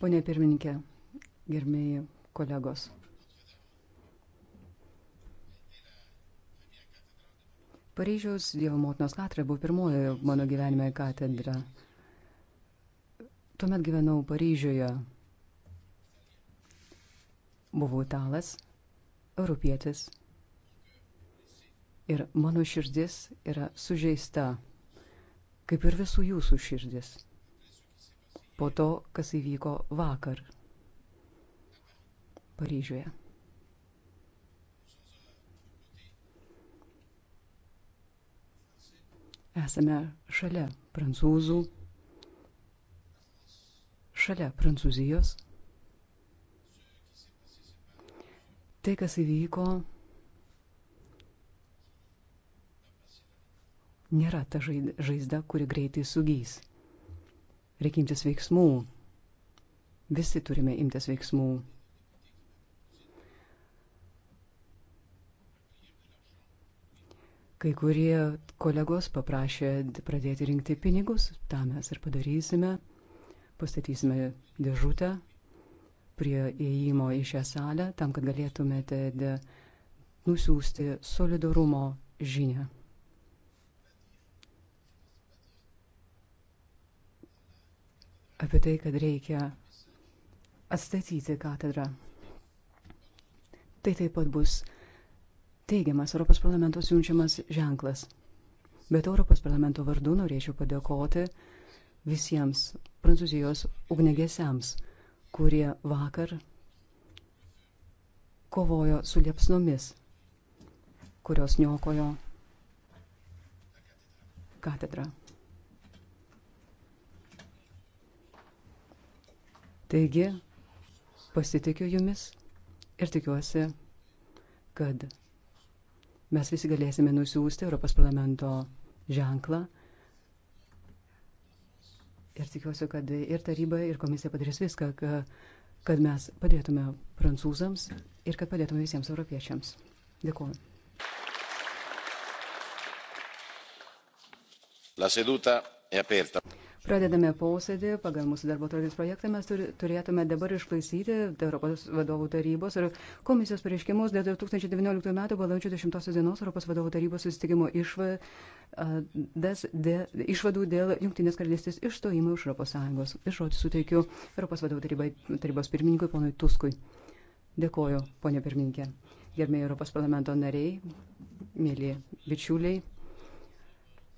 Pone pirmininkė, gerbėjai kolegos. Paryžiaus Dievo motinos katedra buvo pirmoji mano gyvenime katedra. Tuomet gyvenau Paryžiuje. Buvau italas, europietis ir mano širdis yra sužeista kaip ir visų jūsų širdis, po to, kas įvyko vakar Paryžiuje. Esame šalia prancūzų, šalia prancūzijos. Tai, kas įvyko nėra ta žaizda, kuri greitai sugys. Reikia imtis veiksmų. Visi turime imtis veiksmų. Kai kurie kolegos paprašė pradėti rinkti pinigus, tą mes ir padarysime. Pastatysime dėžutę prie įėjimo į šią salę, tam, kad galėtumėte nusiųsti solidarumo žinią. apie tai, kad reikia atstatyti katedrą. Tai taip pat bus teigiamas Europos parlamento siunčiamas ženklas. Bet Europos parlamento vardu norėčiau padėkoti visiems prancūzijos ugnegesiams, kurie vakar kovojo su liepsnomis, kurios niokojo katedrą. Taigi, pasitikiu jumis ir tikiuosi, kad mes visi galėsime nusiųsti Europos parlamento ženklą Ir tikiuosi, kad ir taryba, ir komisija padarys viską, kad mes padėtume prancūzams ir kad padėtume visiems europiečiams. Dėkuoju. La seduta è aperta. Pradedame posėdį pagal mūsų darbo tvarkės projektą. Mes turėtume dabar išklausyti Europos vadovų tarybos ir komisijos pareiškimus dėl 2019 m. balandžio 10 dienos Europos vadovų tarybos susitikimo išvadų dėl Junktinės karalystės išstojimo iš Europos Sąjungos. Išrodį suteikiu Europos vadovų tarybai, tarybos pirmininkui ponui Tuskui. Dėkoju, ponė pirmininkė. Gerbėjai Europos parlamento nariai, mėly bičiuliai.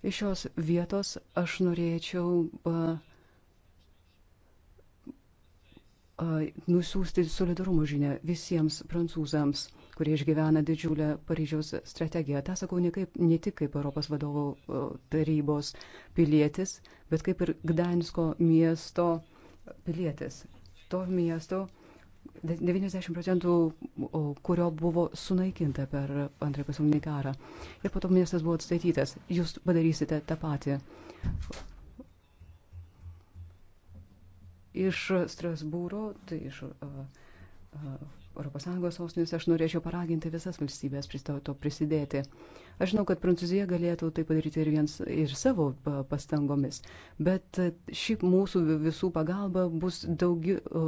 Iš šios vietos aš norėčiau uh, nusiųsti solidarumo žinę visiems prancūzams, kurie išgyvena didžiulę Paryžiaus strategiją. Ta sakau ne, kaip, ne tik kaip Europos vadovų tarybos pilietis, bet kaip ir Gdansko miesto pilietis. To miesto, 90 procentų kurio buvo sunaikinta per antrąjį pasaulinį karą. Ir po to miestas buvo atstatytas. Jūs padarysite tą patį. Iš Strasbūro, tai iš uh, ES sostinės, aš norėčiau paraginti visas valstybės to prisidėti. Aš žinau, kad Prancūzija galėtų tai padaryti ir, viens, ir savo pastangomis, bet ši mūsų visų pagalba bus daugiau,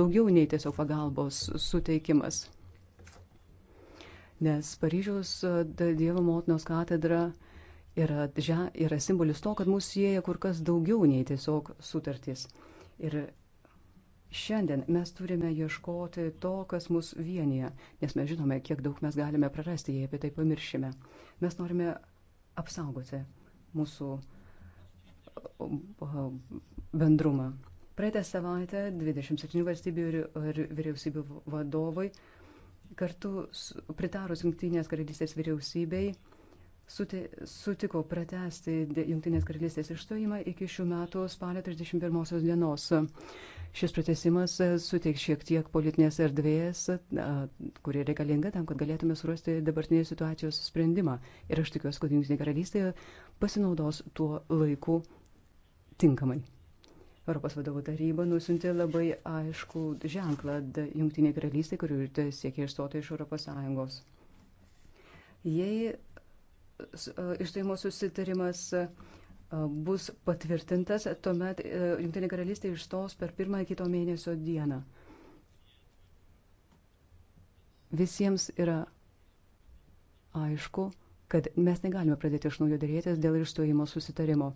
daugiau nei tiesiog pagalbos suteikimas. Nes Paryžiaus Dievo motinos katedra yra, yra simbolis to, kad mūsų sieja kur kas daugiau nei tiesiog sutartys. Ir Šiandien mes turime ieškoti to, kas mus vienyje, nes mes žinome, kiek daug mes galime prarasti, jei apie tai pamiršime. Mes norime apsaugoti mūsų uh, bendrumą. Praeitą savaitę 27 valstybių ir vyriausybių vadovai kartu pritarus Junktinės karalystės vyriausybei sutiko pratesti Junktinės karalystės išstojimą iki šių metų spalio 31 dienos. Šis pratesimas e, suteiks šiek tiek politinės erdvės, kuri reikalinga tam, kad galėtume surasti dabartinės situacijos sprendimą. Ir aš tikiuosi, kad Junktinė karalystė pasinaudos tuo laiku tinkamai. Europos vadovų taryba nusintė labai aišku ženklą Junktinė karalystė, kuri siekia išstoti iš Europos Sąjungos. Jei išstojimo susitarimas uh, E, bus patvirtintas, tuomet e, Junktinė karalystė išstos per pirmąją kito mėnesio dieną. Visiems yra aišku, kad mes negalime pradėti iš naujo dėrėtis dėl išstojimo susitarimo.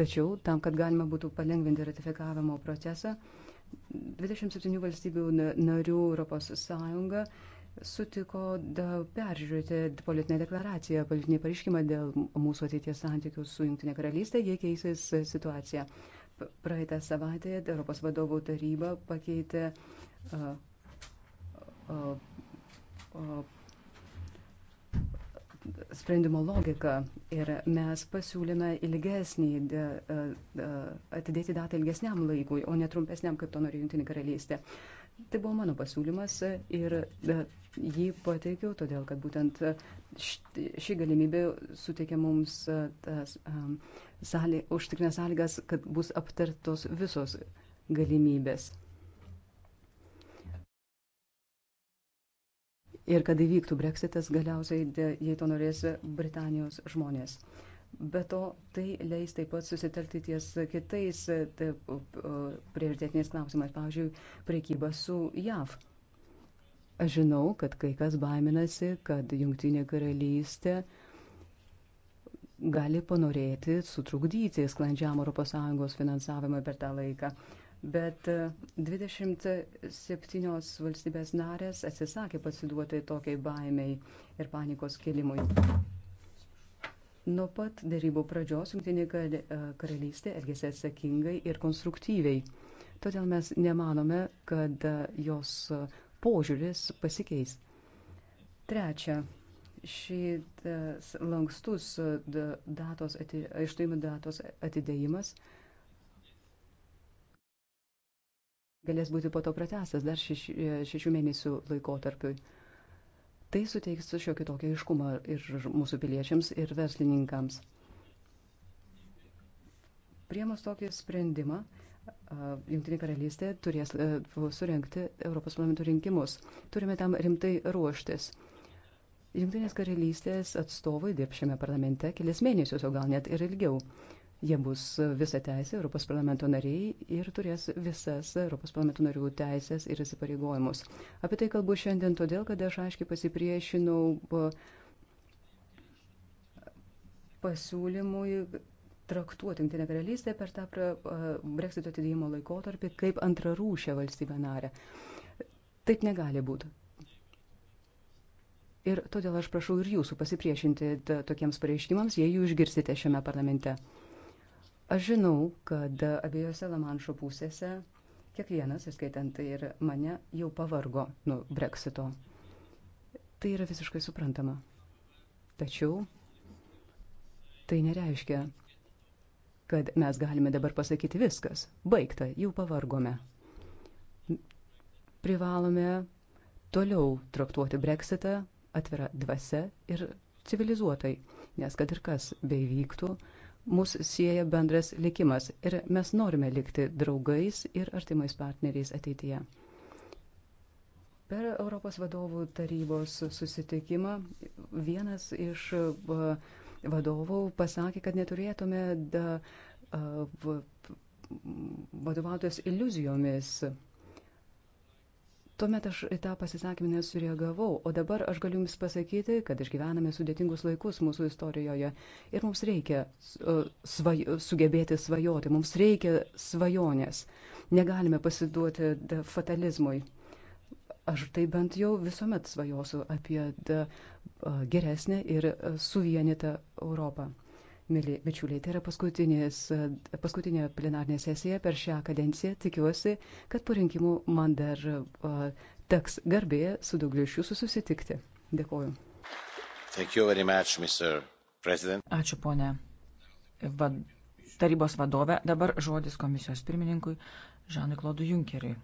Tačiau tam, kad galima būtų palengvinti ratifikavimo procesą, 27 valstybių narių Europos Sąjunga sutiko peržiūrėti politinę deklaraciją, politinį pareiškimą dėl mūsų ateities santykių su Junktinė karalystė, jie keisis situacija. Praeitą savaitę Europos vadovų taryba pakeitė uh, uh, uh, sprendimo logiką ir mes pasiūlėme ilgesnį, atidėti datą ilgesniam laikui, o netrumpesniam, kaip to nori Junktinė karalystė. Uh, Tai buvo mano pasiūlymas ir e, jį pateikiau, todėl kad būtent e, ši galimybė suteikia mums e, tas, um, sąly, užtikrinę sąlygas, kad bus aptartos visos galimybės. Ir kad įvyktų breksitas galiausiai, jei to norės Britanijos žmonės. Uh, Be to, tai leis taip pat susitelkti ties kitais e, prioritetiniais klausimais, pavyzdžiui, priekyba su JAV. Aš žinau, kad kai kas baiminasi, kad Junktinė karalystė gali panorėti sutrukdyti sklandžiam ES finansavimą per tą laiką. Bet 27 e, valstybės narės atsisakė pasiduoti tokiai baimiai ir panikos kelimui. Nuo pat darybų pradžios Junktinė e, karalystė elgėsi atsakingai ir konstruktyviai. Todėl mes nemanome, kad e, jos e, požiūris pasikeis. Trečia, šitas lankstus datos, išstojimo datos atidėjimas galės būti po to pratęstas dar šeš, šešių mėnesių laikotarpiui. Tai suteiks šiokį tokį aiškumą ir mūsų piliečiams, ir verslininkams. Priemas tokį sprendimą, Junktinė karalystė turės surenkti Europos parlamento rinkimus. Turime tam rimtai ruoštis. Junktinės karalystės atstovai dirb šiame parlamente kelias mėnesius, o gal net ir ilgiau. Jie bus visą teisę Europos parlamento nariai ir turės visas Europos parlamento narių teisės ir įsipareigojimus. Apie tai kalbu šiandien todėl, kad aš aiškiai pasipriešinau pasiūlymui traktuoti Junktinę karalystę per tą breksito atidėjimo laikotarpį kaip antrarūšę valstybę narę. Taip negali būti. Ir todėl aš prašau ir jūsų pasipriešinti tokiems pareiškimams, jei jų išgirsite šiame parlamente. Aš žinau, kad abiejose Lamanšo pusėse kiekvienas, įskaitant ir mane, jau pavargo nuo breksito. Tai yra visiškai suprantama. Tačiau tai nereiškia, kad mes galime dabar pasakyti viskas. Baigta, jau pavargome. Privalome toliau traktuoti breksitą atvira dvasia ir civilizuotai, nes kad ir kas beivyktų, vyktų, mūsų sieja bendras likimas ir mes norime likti draugais ir artimais partneriais ateityje. Per Europos vadovų tarybos susitikimą vienas iš vadovų pasakė, kad neturėtume da, vadovautis iliuzijomis Tuomet aš į tą pasisakymą nesureagavau, o dabar aš galiu Jums pasakyti, kad išgyvename sudėtingus laikus mūsų istorijoje ir mums reikia e, svaj sugebėti svajoti, mums reikia svajonės. Negalime pasiduoti fatalizmui. Aš tai bent jau visuomet svajosiu apie e, geresnę ir e, suvienytą Europą. Mili bičiuliai, tai yra paskutinė plenarnė sesija per šią kadenciją. Tikiuosi, kad po rinkimų man dar uh, teks garbė su daugiu iš jūsų susitikti. Dėkoju. Much, Ačiū, ponė va, tarybos vadovė. Dabar žodis komisijos pirmininkui Žanui Klodui Junkeriui.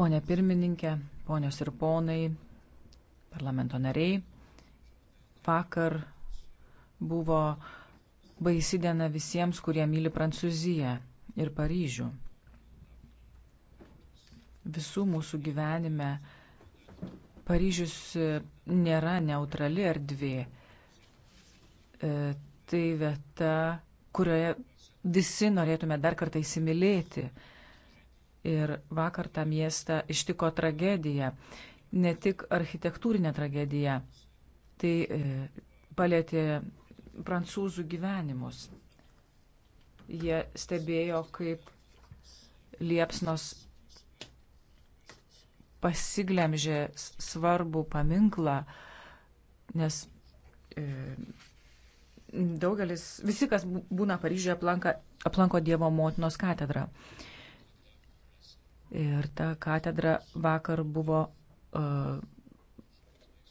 Pone pirmininkė, ponios ir ponai, parlamento nariai. Vakar buvo baisi diena visiems, kurie myli Prancūziją ir Paryžių. Visų mūsų gyvenime Paryžius nėra neutrali erdvė. E, tai vieta, kurioje visi norėtume dar kartą įsimylėti. Ir vakar tą miestą ištiko tragedija, ne tik architektūrinė tragedija, Tai e, palėtė prancūzų gyvenimus. Jie stebėjo, kaip liepsnos pasiglemžė svarbų paminklą, nes e, daugelis, visi, kas būna Paryžiuje, aplanka, aplanko Dievo motinos katedrą. Ir ta katedra vakar buvo e,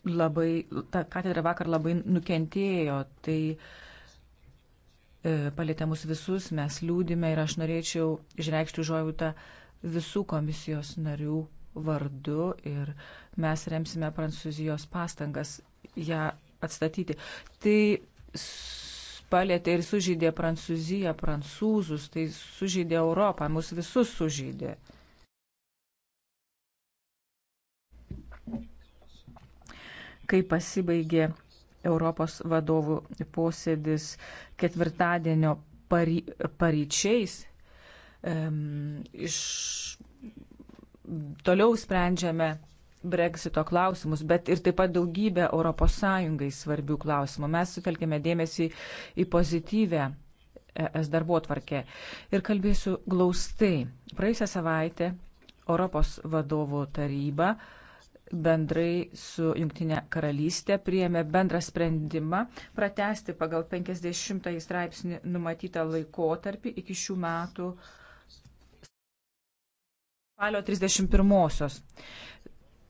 labai, ta katedra vakar labai nukentėjo, tai e, palėtė mus visus, mes liūdime ir aš norėčiau išreikšti užuojautą visų komisijos narių vardu ir mes remsime Prancūzijos pastangas ją atstatyti. Tai palėtė ir sužydė Prancūziją, prancūzus, tai sužydė Europą, mus visus sužydė. kai pasibaigė Europos vadovų posėdis ketvirtadienio pary, paryčiais. Um, iš, toliau sprendžiame breksito klausimus, bet ir taip pat daugybę ES svarbių klausimų. Mes sutelkėme dėmesį į pozityvę ES darbo tvarkę. Ir kalbėsiu glaustai. Praėjusią savaitę Europos vadovų taryba uh, bendrai su Junktinė karalystė priėmė bendrą sprendimą pratesti pagal 50 straipsnį numatytą laikotarpį iki šių metų spalio 31-osios.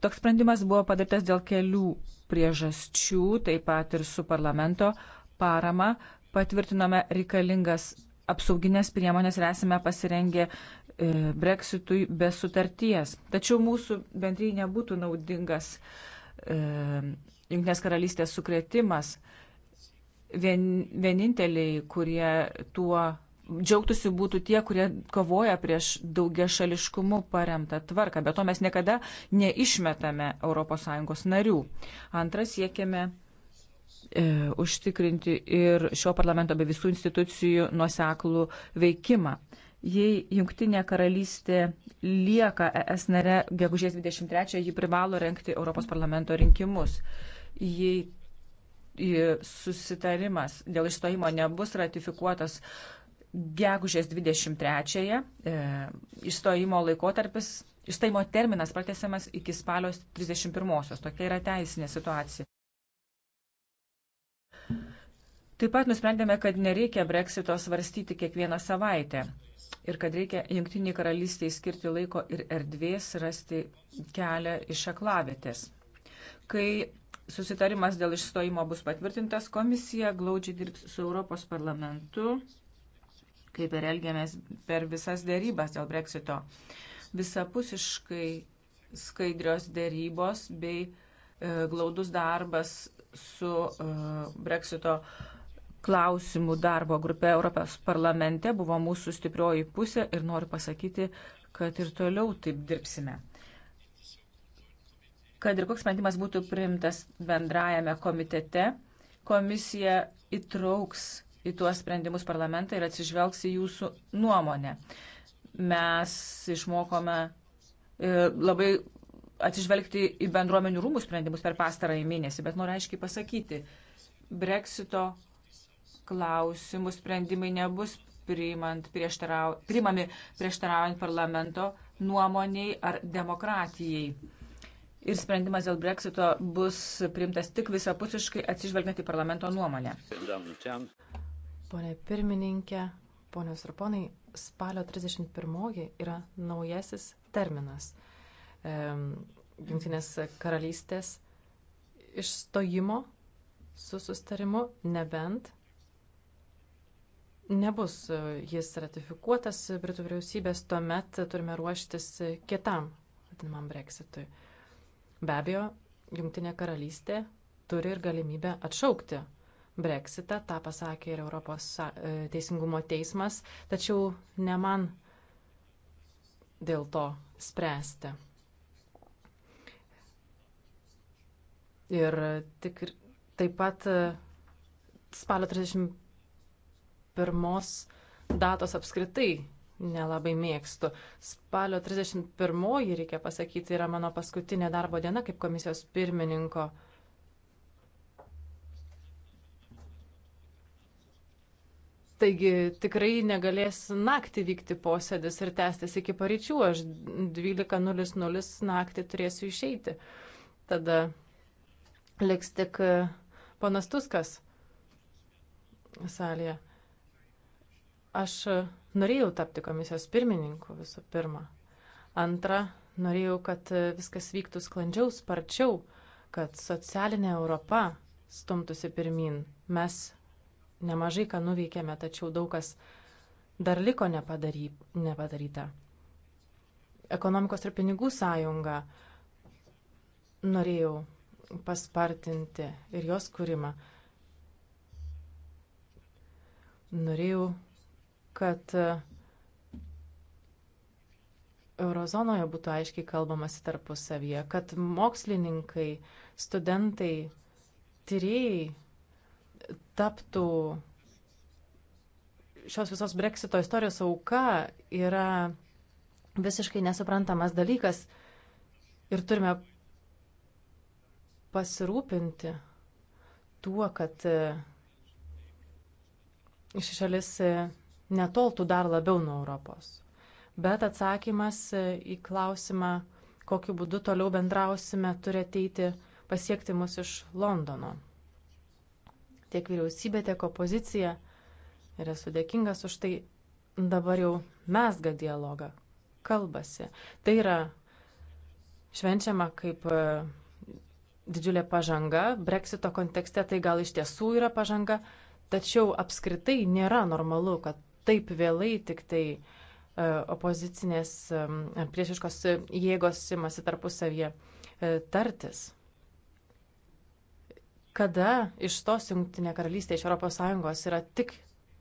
Toks sprendimas buvo padarytas dėl kelių priežasčių, taip pat ir su parlamento parama patvirtinome reikalingas apsauginės priemonės ir esame pasirengę E, breksitui be sutarties. Tačiau mūsų bendrai nebūtų naudingas e, Junktinės karalystės sukretimas. Vien, vieninteliai, kurie tuo džiaugtųsi būtų tie, kurie kovoja prieš daugia šališkumu paremtą tvarką. Be to mes niekada neišmetame ES narių. Antras, siekiame e, užtikrinti ir šio parlamento be visų institucijų nuoseklų veikimą. Jei Junktinė karalystė lieka ES nare gegužės 23, ji privalo renkti Europos parlamento rinkimus. Jei susitarimas dėl išstojimo nebus ratifikuotas gegužės 23-ąją, e, išstojimo laikotarpis, išstojimo terminas pratesiamas iki spalio 31-osios. Tokia yra teisinė situacija. Taip pat nusprendėme, kad nereikia breksito svarstyti kiekvieną savaitę ir kad reikia jungtiniai karalystiai skirti laiko ir erdvės rasti kelią iš aklavėtės. Kai susitarimas dėl išstojimo bus patvirtintas, komisija glaudžiai dirbs su Europos parlamentu, kaip ir elgiamės per visas dėrybas dėl breksito. Visapusiškai skaidrios dėrybos bei e, glaudus darbas su e, breksito e, klausimų darbo grupė Europos parlamente buvo mūsų stiprioji pusė ir noriu pasakyti, kad ir toliau taip dirbsime. Kad ir koks sprendimas būtų priimtas bendrajame komitete, komisija įtrauks į tuos sprendimus parlamentą ir atsižvelgs į jūsų nuomonę. Mes išmokome e, labai atsižvelgti į bendruomenių rūmų sprendimus per pastarąjį mėnesį, bet noriu aiškiai pasakyti, Brexito klausimų sprendimai nebus prieštarau, priimami prieštaraujant parlamento nuomoniai ar demokratijai. Ir sprendimas dėl breksito bus priimtas tik visapusiškai atsižvelgiant į parlamento nuomonę. Pone pirmininkė, ponios ir ponai, spalio 31 yra naujasis terminas e, Junktinės karalystės išstojimo su sustarimu, nebent nebus e, jis ratifikuotas Britų vyriausybės, tuomet turime ruoštis kitam, vadinamam breksitui. Be abejo, Junktinė karalystė turi ir galimybę atšaukti breksitą, tą pasakė ir Europos e, teisingumo teismas, tačiau ne man dėl to spręsti. Ir tik taip pat e, spalio 31 31 datos apskritai nelabai mėgstu. Spalio 31, reikia pasakyti, yra mano paskutinė darbo diena kaip komisijos pirmininko. Taigi tikrai negalės naktį vykti posėdis ir tęstis iki paryčių. Aš 12.00 naktį turėsiu išeiti. Tada liks tik panas Tuskas salėje. Aš norėjau tapti komisijos pirmininku visų pirma. Antra, norėjau, kad viskas vyktų sklandžiau, sparčiau, kad socialinė Europa stumtųsi pirmin. Mes nemažai ką nuveikėme, tačiau daug kas dar liko nepadary, nepadaryta. Ekonomikos ir pinigų sąjunga norėjau paspartinti ir jos kūrimą. Norėjau kad e, eurozonoje būtų aiškiai kalbamasi tarpusavyje, kad mokslininkai, studentai, tyrėjai taptų šios visos breksito istorijos auka yra visiškai nesuprantamas dalykas ir turime pasirūpinti tuo, kad e, ši šalis e, netoltų dar labiau nuo Europos. Bet atsakymas į klausimą, kokiu būdu toliau bendrausime, turi ateiti pasiekti mus iš Londono. Tiek vyriausybė, tiek opozicija, ir esu dėkingas už tai, dabar jau mesga dialogą, kalbasi. Tai yra švenčiama kaip e, didžiulė pažanga, breksito kontekste tai gal iš tiesų yra pažanga, tačiau apskritai nėra normalu, kad taip vėlai tik tai e, opozicinės e, priešiškos jėgos imasi tarpusavyje e, tartis. Kada išstos Junktinė karalystė iš ES yra tik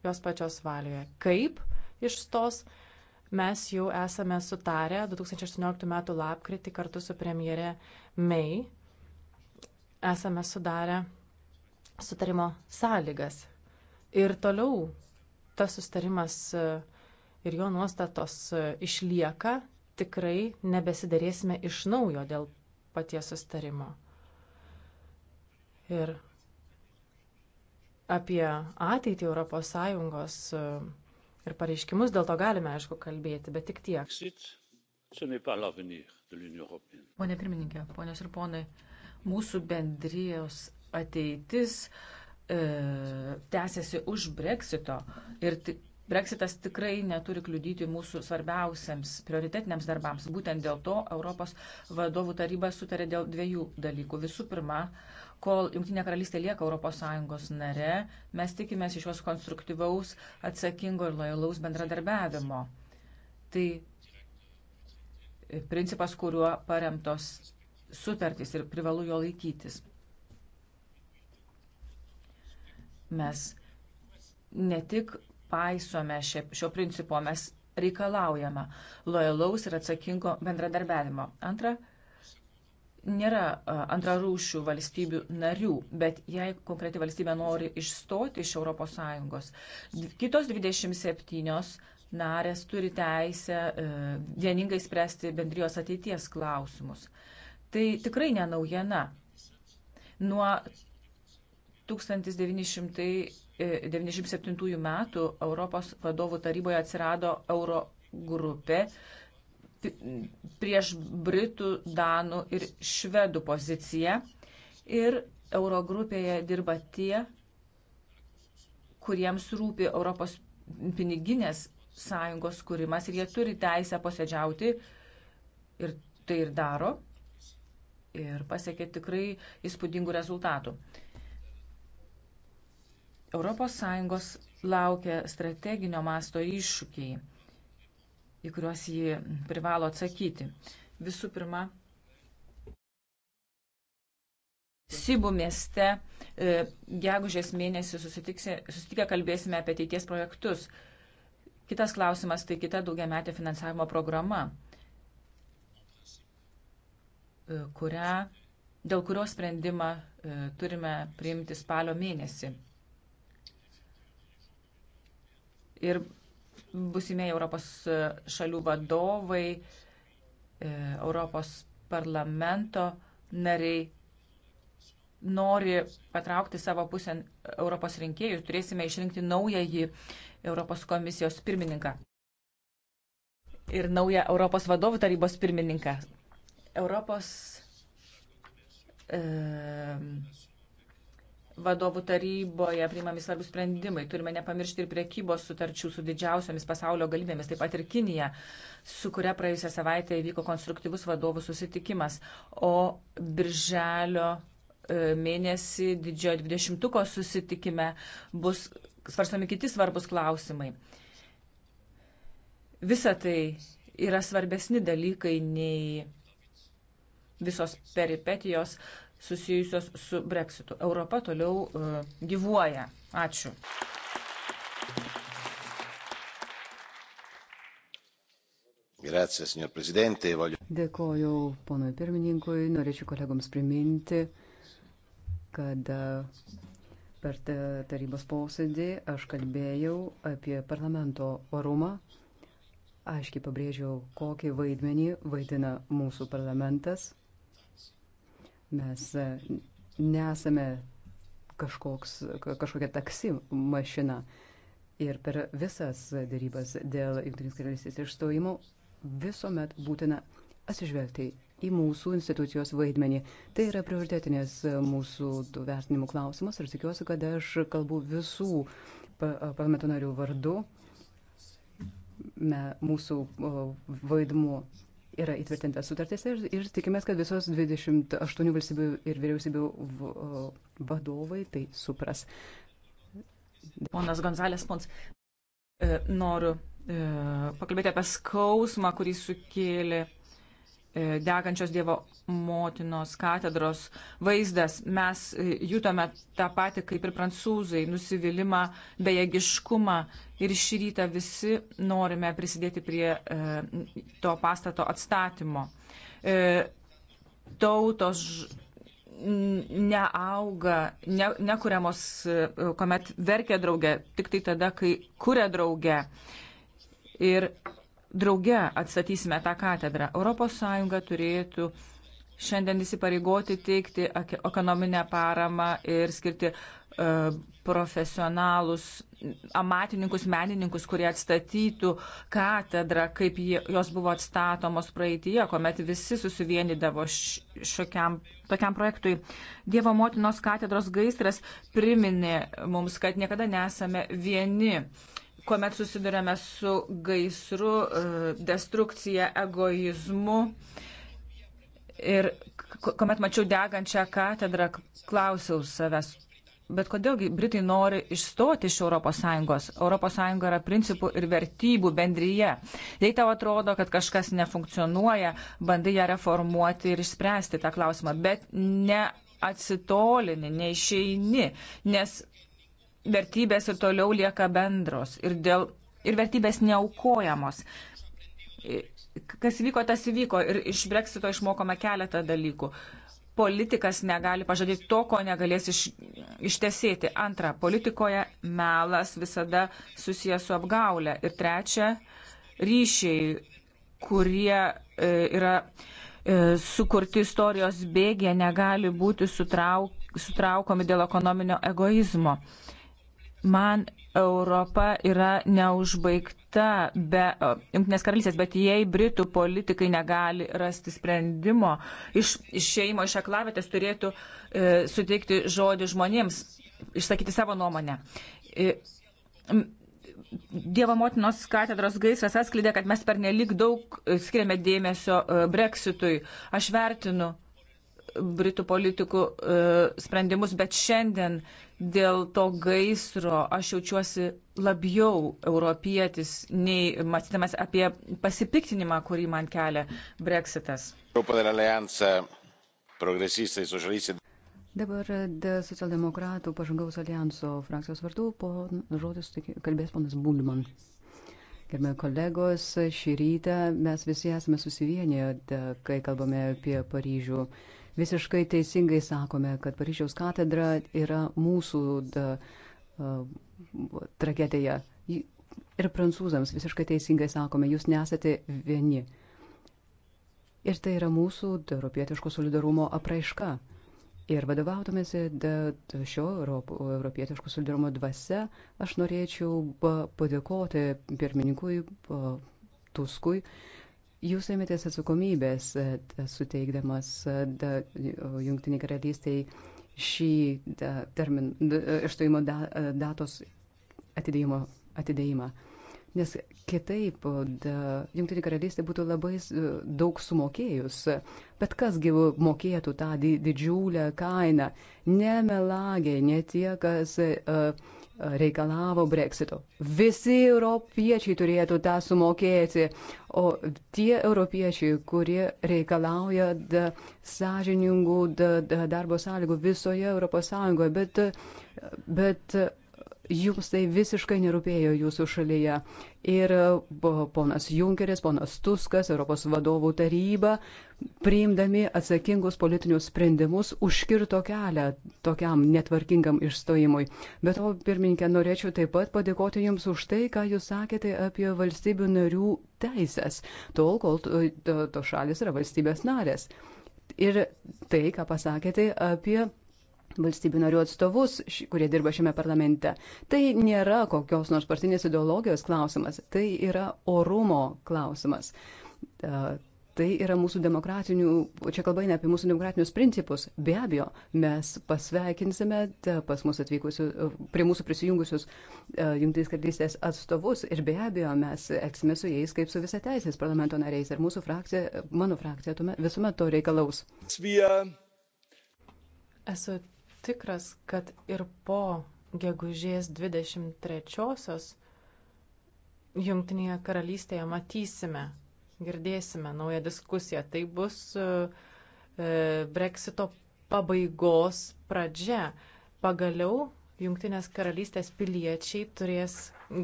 jos pačios valioje? Kaip išstos? Mes jau esame sutarę 2018 m. lapkritį kartu su premjere May. Esame sudarę sutarimo sąlygas. Ir toliau tas sustarimas e, ir jo nuostatos e, išlieka, tikrai nebesidarėsime iš naujo dėl paties sustarimo. Ir apie ateitį ES e, ir pareiškimus dėl to galime, aišku, kalbėti, bet tik tiek. Pone pirmininkė, ponios ir ponai, mūsų bendrijos ateitis E, tęsiasi už breksito ir tik Brexitas tikrai neturi kliudyti mūsų svarbiausiams prioritetiniams darbams. Būtent dėl to Europos vadovų taryba sutarė dėl dviejų dalykų. Visų pirma, kol Junktinė karalystė lieka ES nare, mes tikimės iš jos konstruktyvaus, atsakingo ir lojalaus bendradarbiavimo. Tai principas, kuriuo paremtos sutartys ir privalu jo laikytis. Mes ne tik paisome šio, šio principo, mes reikalaujama lojalaus ir atsakingo bendradarbiavimo. Antra, nėra antrarūšių valstybių narių, bet jei konkreti valstybė nori išstoti iš ES, kitos 27 narės turi teisę e, vieningai spręsti bendrijos ateities klausimus. Tai tikrai nenaujiena. Nuo 1997 e, m. Europos vadovų taryboje atsirado euro grupė prieš Britų, Danų ir Švedų poziciją. Ir Eurogrupėje dirba tie, kuriems rūpi Europos piniginės sąjungos kūrimas ir jie turi teisę posėdžiauti ir tai ir daro ir pasiekė tikrai įspūdingų rezultatų. ES laukia strateginio masto iššūkiai, į kuriuos ji privalo atsakyti. Visų pirma, Sibų mieste e, gegužės mėnesį susitikę kalbėsime apie ateities projektus. Kitas klausimas tai kita daugiametė finansavimo programa, e, kurią, dėl kurios sprendimą e, turime priimti spalio mėnesį ir busimieji Europos šalių vadovai, e, Europos parlamento nariai nori patraukti savo pusę Europos rinkėjus, turėsime išrinkti naująjį Europos komisijos pirmininką ir naują Europos vadovų tarybos pirmininką. Europos e, vadovų taryboje priimami svarbus sprendimai. Turime nepamiršti ir priekybos sutarčių su didžiausiamis pasaulio galimybėmis, taip pat ir Kinija, su kuria praėjusią savaitę įvyko konstruktyvus vadovų susitikimas. O birželio e, mėnesį didžiojo dvidešimtuko susitikime bus svarstami kiti svarbus klausimai. Visa tai yra svarbesni dalykai nei visos peripetijos, uh, susijusios su breksitu. Europa toliau uh, gyvuoja. Ačiū. Grazie, signor Presidente. Voglio... Dėkoju ponui pirmininkui. Norėčiau kolegoms priminti, kad e, per tarybos posėdį aš kalbėjau apie parlamento orumą. Aiškiai pabrėžiau, kokį vaidmenį vaidina mūsų parlamentas Mes e, nesame kažkoks, kažkokia taksi mašina. Ir per visas darybas dėl Junktinės karalystės išstojimo visuomet būtina atsižvelgti į mūsų institucijos vaidmenį. Tai yra prioritetinės mūsų vertinimų klausimas ir tikiuosi, kad aš kalbu visų parlamento narių vardu. Me, mūsų vaidmuo yra įtvirtinta sutartys ir, ir tikimės, kad visos 28 valstybių ir vyriausybių vadovai tai supras. Ponas Gonzalės Pons, e, noriu e, pakalbėti apie skausmą, kurį sukėlė E, degančios Dievo motinos katedros vaizdas. Mes e, jutome tą patį kaip ir prancūzai - nusivylimą, bejėgiškumą. Ir šį rytą visi norime prisidėti prie e, to pastato atstatymo. E, tautos neauga, ne, nekuriamos, e, kuomet verkia draugė, tik tai tada, kai kuria draugė. Ir drauge atstatysime tą katedrą. ES turėtų šiandien įsipareigoti teikti ekonominę paramą ir skirti uh, profesionalus, amatininkus, menininkus, kurie atstatytų katedrą, kaip jos buvo atstatomos praeitie, kuomet visi susivienydavo šokiam, tokiam projektui. Dievo motinos katedros gaisras priminė mums, kad niekada nesame vieni. Uh, kuomet susidurėme su gaisru, e, destrukcija, egoizmu. Ir kuomet mačiau degančią katedrą, klausiau savęs, bet kodėlgi Britai nori išstoti iš ES? ES yra principų ir vertybių bendryje. Jei tau atrodo, kad kažkas nefunkcionuoja, bandai ją reformuoti ir išspręsti tą klausimą, bet ne atsitolini, neišeini, nes vertybės ir toliau lieka bendros ir, dėl, ir vertybės neaukojamos. Kas vyko, tas vyko ir iš breksito išmokome keletą dalykų. Politikas negali pažadėti to, ko negalės iš, ištesėti. Antra, politikoje melas visada susijęs su apgaulė. Ir trečia, ryšiai, kurie e, yra e, sukurti istorijos bėgė, negali būti sutrauk, sutraukomi dėl ekonominio egoizmo. E, man Europa yra neužbaigta be Junktinės karalystės, bet jei Britų politikai negali rasti sprendimo, iš, iš šeimo, iš aklavėtės turėtų e, suteikti žodį žmonėms, išsakyti savo nuomonę. E, Dievo motinos katedros gaisras atskleidė, kad mes per nelik daug e, skiriame dėmesio e, Brexitui. Aš vertinu Britų politikų e, sprendimus, bet šiandien dėl to gaisro aš jaučiuosi labiau europietis, nei mąstydamas apie pasipiktinimą, kurį man kelia Brexitas. Dabar socialdemokratų pažangaus alijanso frakcijos vardu po žodis kalbės ponas Bulman. Gerbėjai kolegos, šį rytą mes visi esame susivienyje, kai kalbame apie Paryžių. Visiškai teisingai sakome, kad Paryžiaus katedra yra mūsų da, uh, tragedija. Ir prancūzams visiškai teisingai sakome, jūs nesate vieni. Ir tai yra mūsų da, europietiško solidarumo apraiška. Ir vadovautumėsi šio Europo, europietiško solidarumo dvasia, aš norėčiau padėkoti pirmininkui Tuskui Jūs ėmėtės atsakomybės, e, suteikdamas e, Junktinį karalystiai šį termin, e, išstojimo datos atidėjimo, atidėjimą. Nes kitaip Junktinė karalystė būtų labai daug sumokėjus. Bet kasgi mokėtų tą didžiulę kainą? Ne melagiai, ne tie, kas. Uh, reikalavo breksito. Visi europiečiai turėtų tą sumokėti, o tie europiečiai, kurie reikalauja da, sąžiningų da, da, darbo sąlygų visoje ES, bet, bet Jums tai visiškai nerūpėjo jūsų šalyje. Ir e, ponas Junkeris, ponas Tuskas, Europos vadovų taryba, priimdami atsakingus politinius sprendimus, užkirto kelią tokiam netvarkingam išstojimui. Bet o pirmininkė, norėčiau taip pat padėkoti Jums už tai, ką Jūs sakėte apie valstybių narių teisės, tol, kol e, to, to šalis yra valstybės narės. Ir tai, ką pasakėte apie valstybių narių atstovus, kurie dirba šiame parlamente. Tai nėra kokios nors partinės ideologijos klausimas, tai yra orumo klausimas. E, tai yra mūsų demokratinių, čia kalba eina apie mūsų demokratinius principus. Be abejo, mes pasveikinsime pas mus atvykusius, e, prie mūsų prisijungusius e, Junktinės karalystės atstovus ir be abejo, mes elgsime su jais kaip su visą teisės parlamento nariais ir mūsų frakcija, mano frakcija tuomet, visuomet to reikalaus. Esu tikras, kad ir po gegužės 23-osios Jungtinėje karalystėje matysime, girdėsime naują diskusiją. Tai bus e, Brexito pabaigos pradžia. Pagaliau Jungtinės karalystės piliečiai turės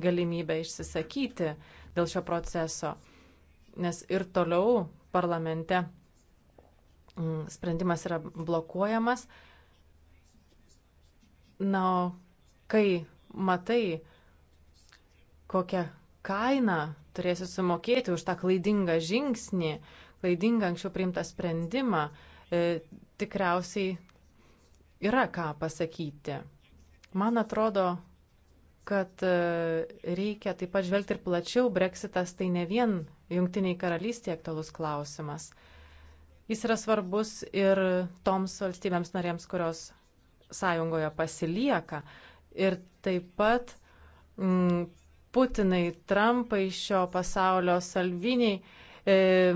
galimybę išsisakyti dėl šio proceso, nes ir toliau parlamente mm, sprendimas yra blokuojamas Na, o kai matai, kokią kainą turėsi sumokėti už tą klaidingą žingsnį, klaidingą anksčiau priimtą sprendimą, e, tikriausiai yra ką pasakyti. Man atrodo, kad e, reikia taip pat žvelgti ir plačiau. Brexitas tai ne vien jungtiniai karalystėje aktualus klausimas. Jis yra svarbus ir toms valstybėms narėms, kurios Sąjungoje pasilieka. Ir taip pat m, mm, Putinai, Trumpai šio pasaulio salviniai e,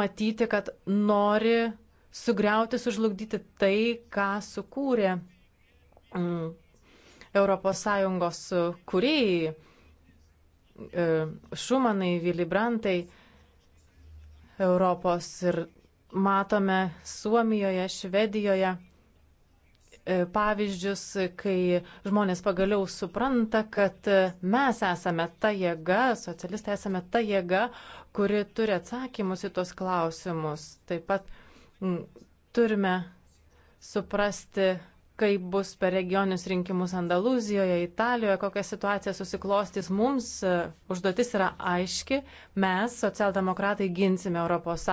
matyti, kad nori sugriauti, sužlugdyti tai, ką sukūrė m, mm, Europos Sąjungos kūrėjai, e, Šumanai, Vilibrantai Europos ir matome Suomijoje, Švedijoje E, pavyzdžius, kai žmonės pagaliau supranta, kad mes esame ta jėga, socialistai esame ta jėga, kuri turi atsakymus į tos klausimus. Taip pat m, turime suprasti, kaip bus per regionius rinkimus Andaluzijoje, Italijoje, kokia situacija susiklostys. Mums e, užduotis yra aiški, mes, socialdemokratai, ginsime ES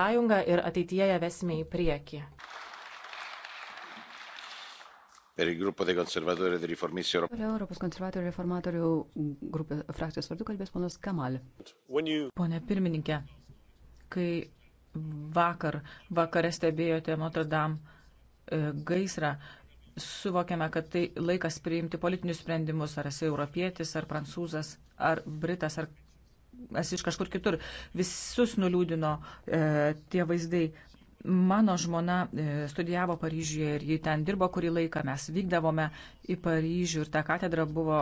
ir ateityje ją vesime į priekį. Per il gruppo dei e konservatorių ir reformistų Europos. Europos konservatorių reformatorių grupė, frakcijos vardu kalbės ponas Kamal. You... Pone pirmininkė, kai vakar, vakare stebėjote Notre Dame e, gaisrą, suvokiame, kad tai laikas priimti politinius sprendimus, ar esi europietis, ar prancūzas, ar britas, ar esi iš kažkur kitur. Visus nuliūdino e, tie vaizdai. Mano žmona e, studijavo Paryžiuje ir ji ten dirbo kurį laiką. Mes vykdavome į Paryžių ir ta katedra buvo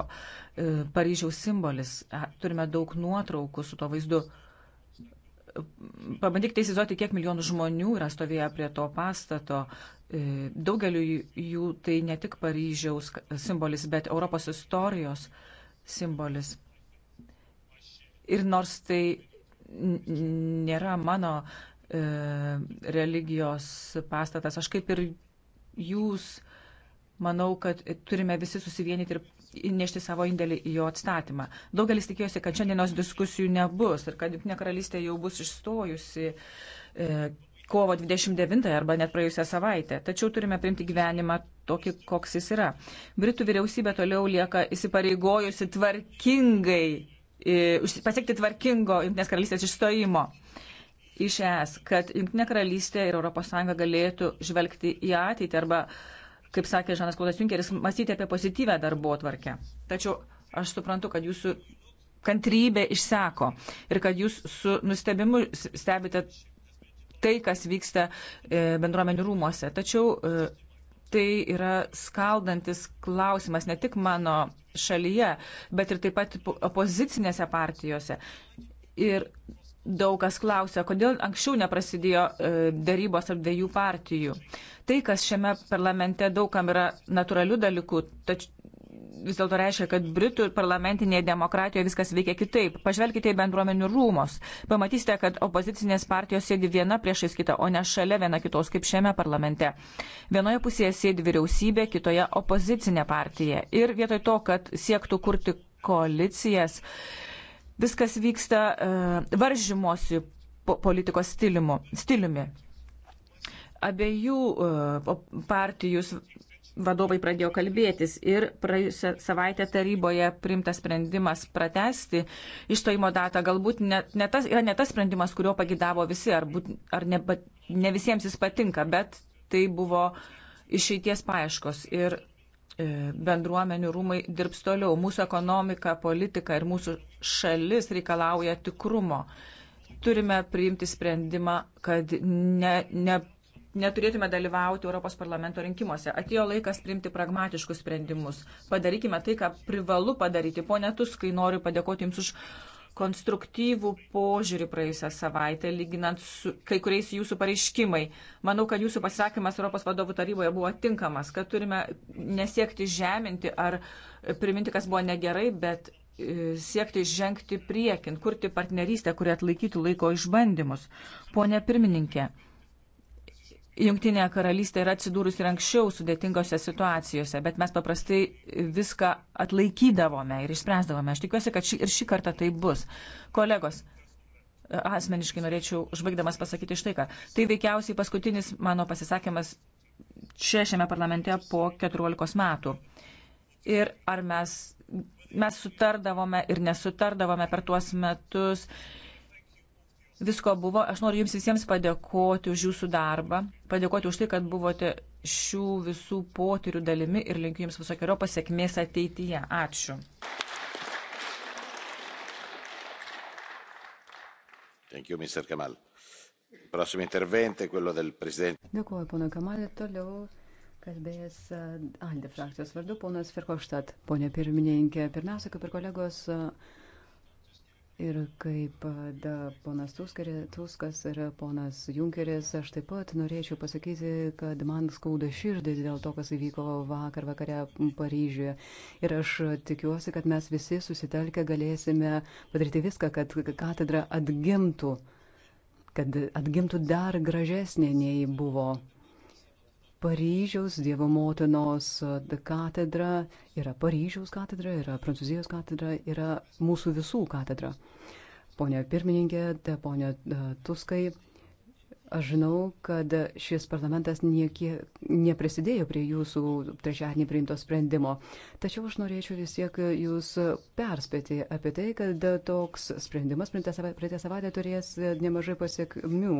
e, Paryžiaus simbolis. Turime daug nuotraukų su to vaizdu. Pabandykite įsivaizduoti, kiek milijonų žmonių yra stovėję prie to pastato. E, daugeliu jų tai ne tik Paryžiaus simbolis, bet Europos istorijos simbolis. Ir nors tai nėra mano uh, E, religijos pastatas. Aš kaip ir jūs manau, kad turime visi susivienyti ir nešti savo indėlį į jo atstatymą. Daugelis tikėjosi, kad šiandienos diskusijų nebus ir kad Junktinė karalystė jau bus išstojusi e, kovo 29 arba net praėjusią savaitę. Tačiau turime primti gyvenimą tokį, koks jis yra. Britų vyriausybė toliau lieka įsipareigojusi tvarkingai, e, pasiekti tvarkingo Junktinės karalystės išstojimo. E, iš ES, kad Junktinė karalystė ir ES galėtų žvelgti į ateitį arba, kaip sakė Žanas Klaudas Junkeris, mąstyti apie pozityvę darbo tvarkę. Tačiau aš suprantu, kad jūsų kantrybė išseko ir kad jūs su nustebimu stebite tai, kas vyksta e, bendruomenių rūmose. Tačiau e, tai yra skaldantis klausimas ne tik mano šalyje, bet ir taip pat opozicinėse partijose. Ir daug kas klausia, kodėl anksčiau neprasidėjo e, darybos tarp dviejų partijų. Tai, kas šiame parlamente daugam yra natūralių dalykų, tačiau vis dėlto reiškia, kad Britų parlamentinėje demokratijoje viskas veikia kitaip. Pažvelkite į bendruomenių rūmos. Pamatysite, kad opozicinės partijos sėdi viena priešais kitą, o ne šalia viena kitos, kaip šiame parlamente. Vienoje pusėje sėdi vyriausybė, kitoje opozicinė partija. Ir vietoj to, kad siektų kurti koalicijas, uh, viskas vyksta e, varžymosi politikos stiliumi. Abiejų e, partijų vadovai pradėjo kalbėtis ir praėjusią savaitę taryboje priimtas sprendimas pratesti išstojimo datą galbūt ne, ne tas, yra ne tas sprendimas, kurio pagidavo visi, ar, būt, ar ne, ne visiems jis patinka, bet tai buvo išeities paaiškos. Ir E, bendruomenių rūmai dirbs toliau. Mūsų ekonomika, politika ir mūsų šalis reikalauja tikrumo. Turime priimti sprendimą, kad ne, ne, neturėtume dalyvauti Europos parlamento rinkimuose. Atėjo laikas priimti pragmatiškus sprendimus. Padarykime tai, ką privalu padaryti. Pone Tuskai, noriu padėkoti Jums už konstruktyvų požiūrį praėjusią savaitę, lyginant su kai kuriais jūsų pareiškimai. Manau, kad jūsų pasisakymas Europos vadovų taryboje buvo tinkamas, kad turime nesiekti žeminti ar priminti, kas buvo negerai, bet e, siekti žengti priekin, kurti partnerystę, kuri atlaikytų laiko išbandymus. Pone pirmininkė, Jungtinė karalystė yra atsidūrusi ir anksčiau sudėtingose situacijose, bet mes paprastai viską atlaikydavome ir išspręsdavome. Aš tikiuosi, kad ši, ir šį kartą tai bus. Kolegos, asmeniškai norėčiau užbaigdamas pasakyti štai ką. Tai veikiausiai paskutinis mano pasisakymas čia šiame parlamente po 14 metų. Ir ar mes, mes sutardavome ir nesutardavome per tuos metus visko buvo. Aš noriu Jums visiems padėkoti už Jūsų darbą, padėkoti už tai, kad buvote šių visų potyrių dalimi ir linkiu Jums visokiojo pasiekmės ateityje. Ačiū. Thank you, Mr. Kamal. Prossimo intervento è quello del Presidente. Dėkuoju, pono Kamalė. Toliau kalbėjęs Alde frakcijos vardu, ponas Firkoštat. Pone pirmininkė, pirmiausia, kaip ir kolegos. Uh, Ir kaip da, ponas Tuskas ir ponas Junkeris, aš taip pat norėčiau pasakyti, kad man skauda širdis dėl to, kas įvyko vakar vakare Paryžiuje. Ir aš tikiuosi, kad mes visi susitelkę galėsime padaryti viską, kad katedra atgimtų, kad atgimtų dar gražesnė nei buvo. Paryžiaus Dievo motinos e, katedra, yra Paryžiaus katedra, yra Prancūzijos katedra, yra mūsų visų katedra. Pone pirmininkė, ponė e, Tuskai, Aš žinau, kad šis parlamentas niekie, neprisidėjo prie jūsų trečiadienį priimto sprendimo, tačiau aš norėčiau vis tiek jūs perspėti apie tai, kad toks sprendimas praeitą savaitę turės nemažai pasiekmių.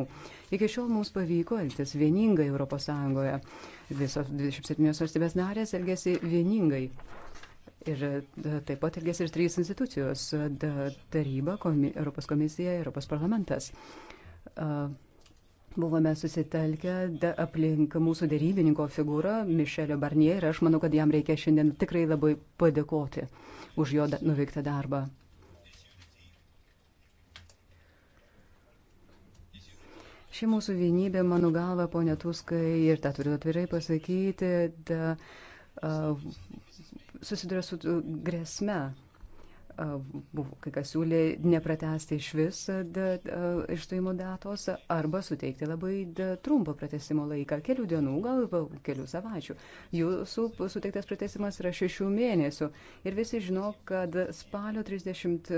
Iki šiol mums pavyko elgtis vieningai ES. Visos 27 valstybės narės elgėsi vieningai. Ir taip pat elgėsi ir trys institucijos - taryba, komi, Europos komisija, Europos parlamentas. Uh, Buvome susitelkę aplink mūsų dėrybininko figūrą Mišelio Barnie ir aš manau, kad jam reikia šiandien tikrai labai padėkoti už jo nuveiktą darbą. Ši mūsų vienybė, mano galva, ponė Tuskai, ir tą turiu atvirai pasakyti, da, uh, susiduria su uh, grėsme buvo, kai kas siūlė nepratesti iš vis išstojimo datos arba suteikti labai trumpą pratesimo laiką, kelių dienų, gal kelių savaičių. Jūsų suteiktas pratesimas yra šešių mėnesių ir visi žino, kad spalio 30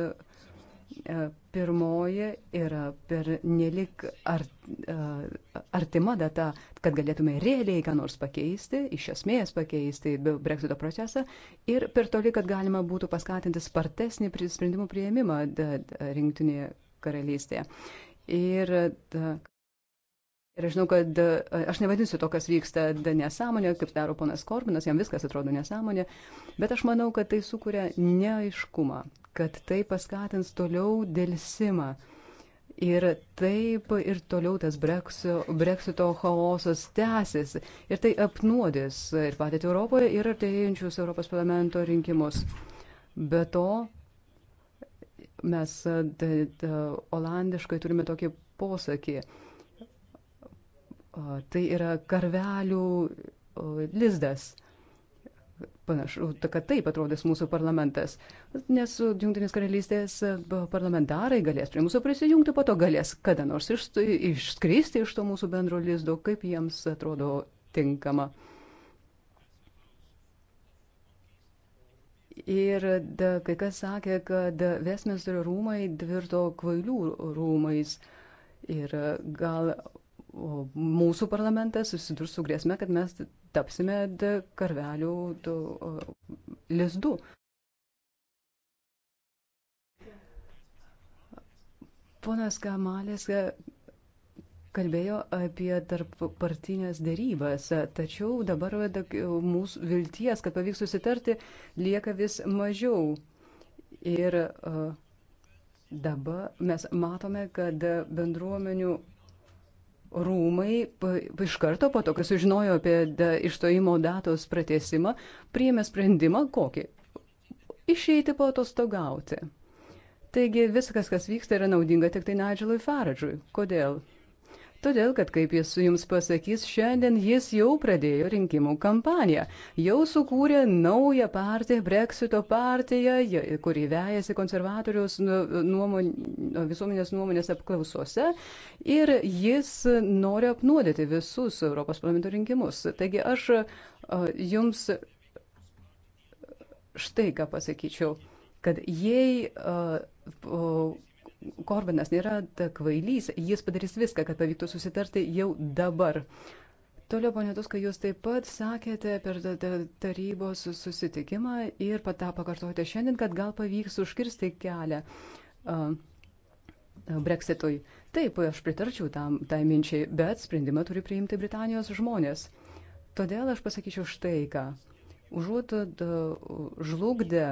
E, pirmoji yra per nelik e, artima data, kad galėtume realiai ką nors pakeisti, iš esmės pakeisti breksito procesą ir per toli, kad galima būtų paskatinti spartesnį sprendimų prieimimą rinktinėje karalystėje. Ir da, Ir aš žinau, kad e, aš nevadinsiu to, kas vyksta nesąmonė, kaip daro ponas Korbinas, jam viskas atrodo nesąmonė, bet aš manau, kad tai sukuria neaiškumą, kad tai paskatins toliau dėlsimą. Ir taip ir toliau tas breksio, breksito chaosas tęsis. Ir tai apnuodis ir patėti Europoje, ir artėjančius Europos parlamento rinkimus. Be to, mes da, e, da, olandiškai turime tokį posakį. Uh, Tai yra karvelių lizdas. Panašu, kad taip atrodys mūsų parlamentas, nes Junktinės karalystės e, parlamentarai galės prie mūsų prisijungti, po to galės kada nors iš, išskristi iš to mūsų bendro lizdo, kaip jiems atrodo tinkama. Ir da, kai kas sakė, kad Vesminsterio rūmai virto kvailių rūmais. Ir gal mūsų parlamentas susidurs su grėsme, kad mes tapsime karvelių lizdu. Ponas Kamalės e, kalbėjo apie tarp partinės dėrybas, tačiau dabar e, e, mūsų vilties, kad pavyks susitarti, lieka vis mažiau. Ir dabar mes matome, kad bendruomenių rūmai iš karto po to, kai sužinojo apie da, išstojimo datos pratesimą, priėmė sprendimą kokį - išeiti po atostogauti. Taigi viskas, kas vyksta, yra naudinga tik tai Nigelui Faradžui. Kodėl? Todėl, kad kaip jis jums pasakys, šiandien jis jau pradėjo rinkimų kampaniją, jau sukūrė naują partiją, Brexito partiją, kuri vejasi konservatorius nu, nuomon, nu, visuomenės nuomonės apklausose ir jis nori apnuodyti visus Europos parlamento rinkimus. Taigi aš jums štai ką pasakyčiau, kad jei uh, Korbinas nėra kvailys, jis padarys viską, kad pavyktų susitarti jau dabar. Toliau, ponė Tuska, jūs taip pat sakėte per tarybos susitikimą ir patą pakartojate šiandien, kad gal pavyks užkirsti kelią uh, Brexitui. Taip, aš pritarčiau tam, tai minčiai, bet sprendimą turi priimti Britanijos žmonės. Todėl aš pasakyčiau štai ką. Užuot žlugdę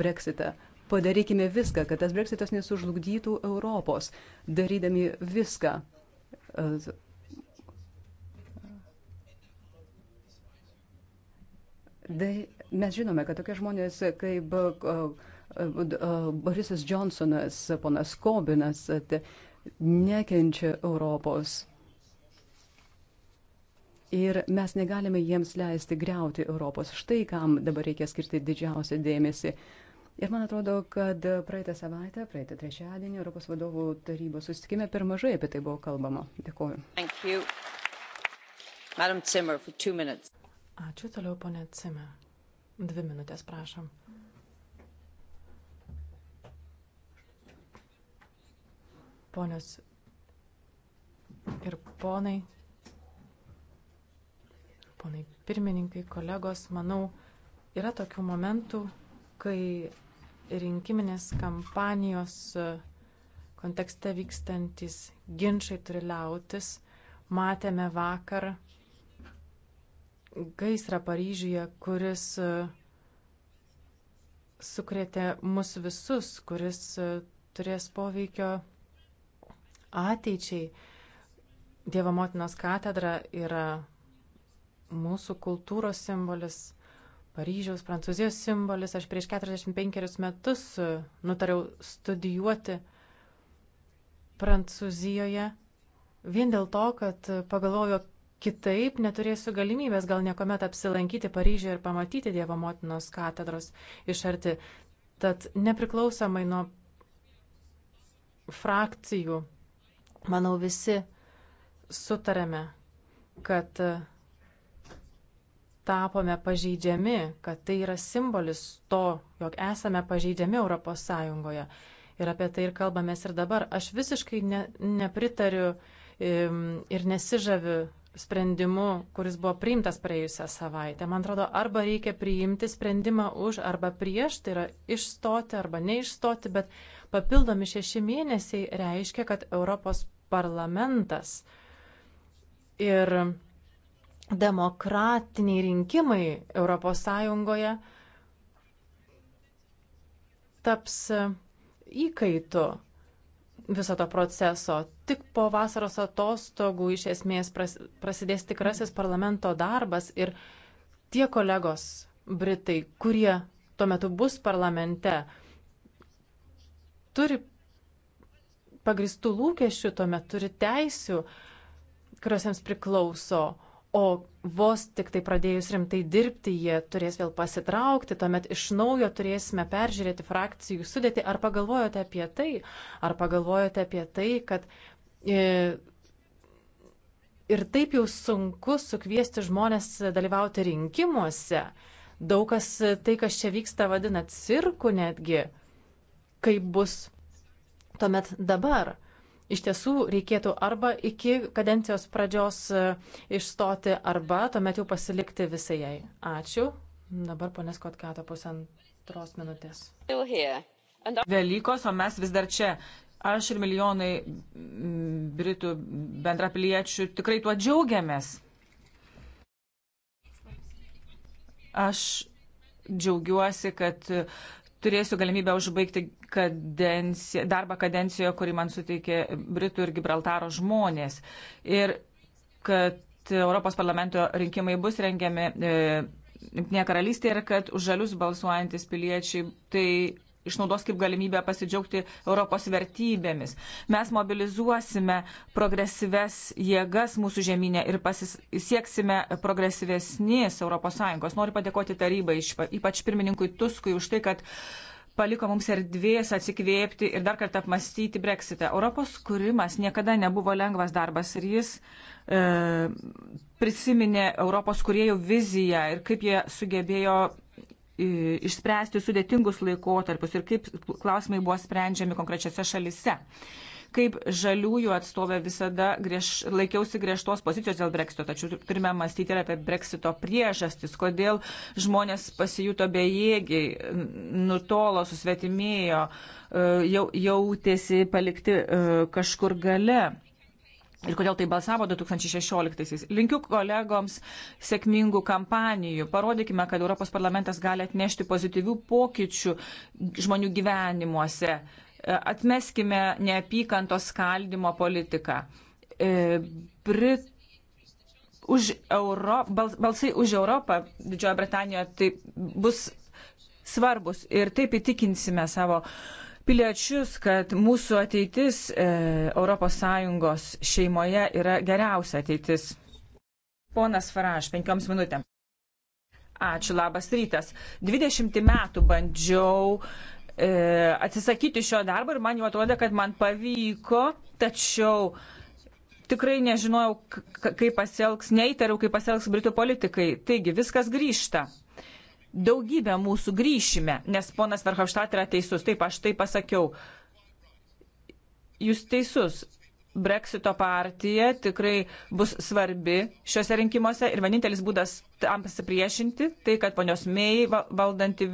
Brexitą, Padarykime viską, kad tas breksitas nesužlugdytų Europos, darydami viską. E, da, mes žinome, kad tokie žmonės kaip e, e, Borisas Johnsonas, ponas Kobinas nekenčia Europos. Ir mes negalime jiems leisti greuti Europos. Štai kam dabar reikia skirti didžiausią dėmesį. Ir man atrodo, kad praeitą savaitę, praeitą trečiadienį Europos vadovų tarybos susitikime per mažai apie tai buvo kalbama. Dėkuoju. Zimmer, Ačiū toliau, ponė Cime. Dvi minutės, prašom. Ponios ir ponai, ponai pirmininkai, kolegos, manau, yra tokių momentų, kai rinkiminės kampanijos e, kontekste vykstantis ginčiai turi liautis. Matėme vakar gaisrą Paryžiuje, kuris e, sukrėtė mus visus, kuris e, turės poveikio ateičiai. Dievo motinos katedra yra mūsų kultūros simbolis Paryžiaus, Prancūzijos simbolis. Aš prieš 45 metus e, nutariau studijuoti Prancūzijoje vien dėl to, kad e, pagalvojau, kitaip neturėsiu galimybės gal niekuomet apsilankyti Paryžiuje ir pamatyti Dievo motinos katedros iš arti. Tad nepriklausomai nuo frakcijų, manau, visi sutarėme, kad e, tapome pažeidžiami, kad tai yra simbolis to, jog esame pažeidžiami Europos Sąjungoje. Ir apie tai ir kalbamės ir dabar. Aš visiškai ne, nepritariu ir nesižaviu sprendimu, kuris buvo priimtas praėjusią savaitę. Man atrodo, arba reikia priimti sprendimą už arba prieš, tai yra išstoti arba neišstoti, bet papildomi šeši mėnesiai reiškia, kad Europos parlamentas ir demokratiniai rinkimai ES taps įkaitu viso to proceso. Tik po vasaros atostogų iš esmės prasidės tikrasis parlamento darbas ir tie kolegos Britai, kurie tuo metu bus parlamente, turi pagristų lūkesčių, tuomet turi teisių, kurios jiems priklauso. O vos tik tai pradėjus rimtai dirbti, jie turės vėl pasitraukti, tuomet iš naujo turėsime peržiūrėti frakcijų sudėti. Ar pagalvojote apie tai? Ar pagalvojote apie tai, kad e, ir taip jau sunku sukviesti žmonės dalyvauti rinkimuose? Daug kas tai, kas čia vyksta, vadina cirku netgi. Kaip bus tuomet dabar? iš tiesų reikėtų arba iki kadencijos pradžios e, išstoti, arba tuomet jau pasilikti visai jai. Ačiū. Dabar ponės Kotkato pusantros minutės. Velykos, o mes vis dar čia. Aš ir milijonai Britų bendrapiliečių tikrai tuo džiaugiamės. Aš džiaugiuosi, kad turėsiu galimybę užbaigti kadenciją, darbą kadencijoje, kurį man suteikė Britų ir Gibraltaro žmonės. Ir kad Europos parlamento rinkimai bus rengiami e, Junktinėje karalystėje ir kad už žalius balsuojantis piliečiai tai išnaudos kaip galimybę pasidžiaugti Europos vertybėmis. Mes mobilizuosime progresyves jėgas mūsų žemynė ir pasisieksime progresyvesnės ES. Noriu padėkoti tarybai, ypač pirmininkui Tuskui, už tai, kad paliko mums erdvės atsikvėpti ir dar kartą apmastyti breksitą. Europos kūrimas niekada nebuvo lengvas darbas ir jis e, prisiminė Europos kuriejų viziją ir kaip jie sugebėjo išspręsti sudėtingus laikotarpius ir kaip klausimai buvo sprendžiami konkrečiose šalise. Kaip žaliųjų atstovė visada grieš, laikiausi griežtos pozicijos dėl breksito, tačiau turime mąstyti ir apie breksito priežastis, kodėl žmonės pasijuto bejėgiai, nutolo, susvetimėjo, e, jau, jautėsi palikti e, kažkur gale ir kodėl tai balsavo 2016-aisiais. Linkiu kolegoms sėkmingų kampanijų. Parodykime, kad Europos parlamentas gali atnešti pozityvių pokyčių žmonių gyvenimuose. E, atmeskime neapykantos skaldimo politiką. E, Brit... Už Euro... Balsai už Europą Didžiojo Britanijoje tai bus svarbus ir taip įtikinsime savo uh, piliečius, kad mūsų ateitis e, ES šeimoje yra geriausia ateitis. Ponas Faraš, penkioms minutėms. Ačiū, labas rytas. 20 metų bandžiau e, atsisakyti šio darbo ir man jau atrodė, kad man pavyko, tačiau tikrai nežinojau, kaip pasielgs, neįtariau, kaip pasielgs Britų politikai. Taigi, viskas grįžta daugybė mūsų grįšime, nes ponas Verhofštat yra teisus, taip aš tai pasakiau. Jūs teisus. Brexito partija tikrai bus svarbi šiuose rinkimuose ir vienintelis būdas tam pasipriešinti, tai kad ponios Mei valdanti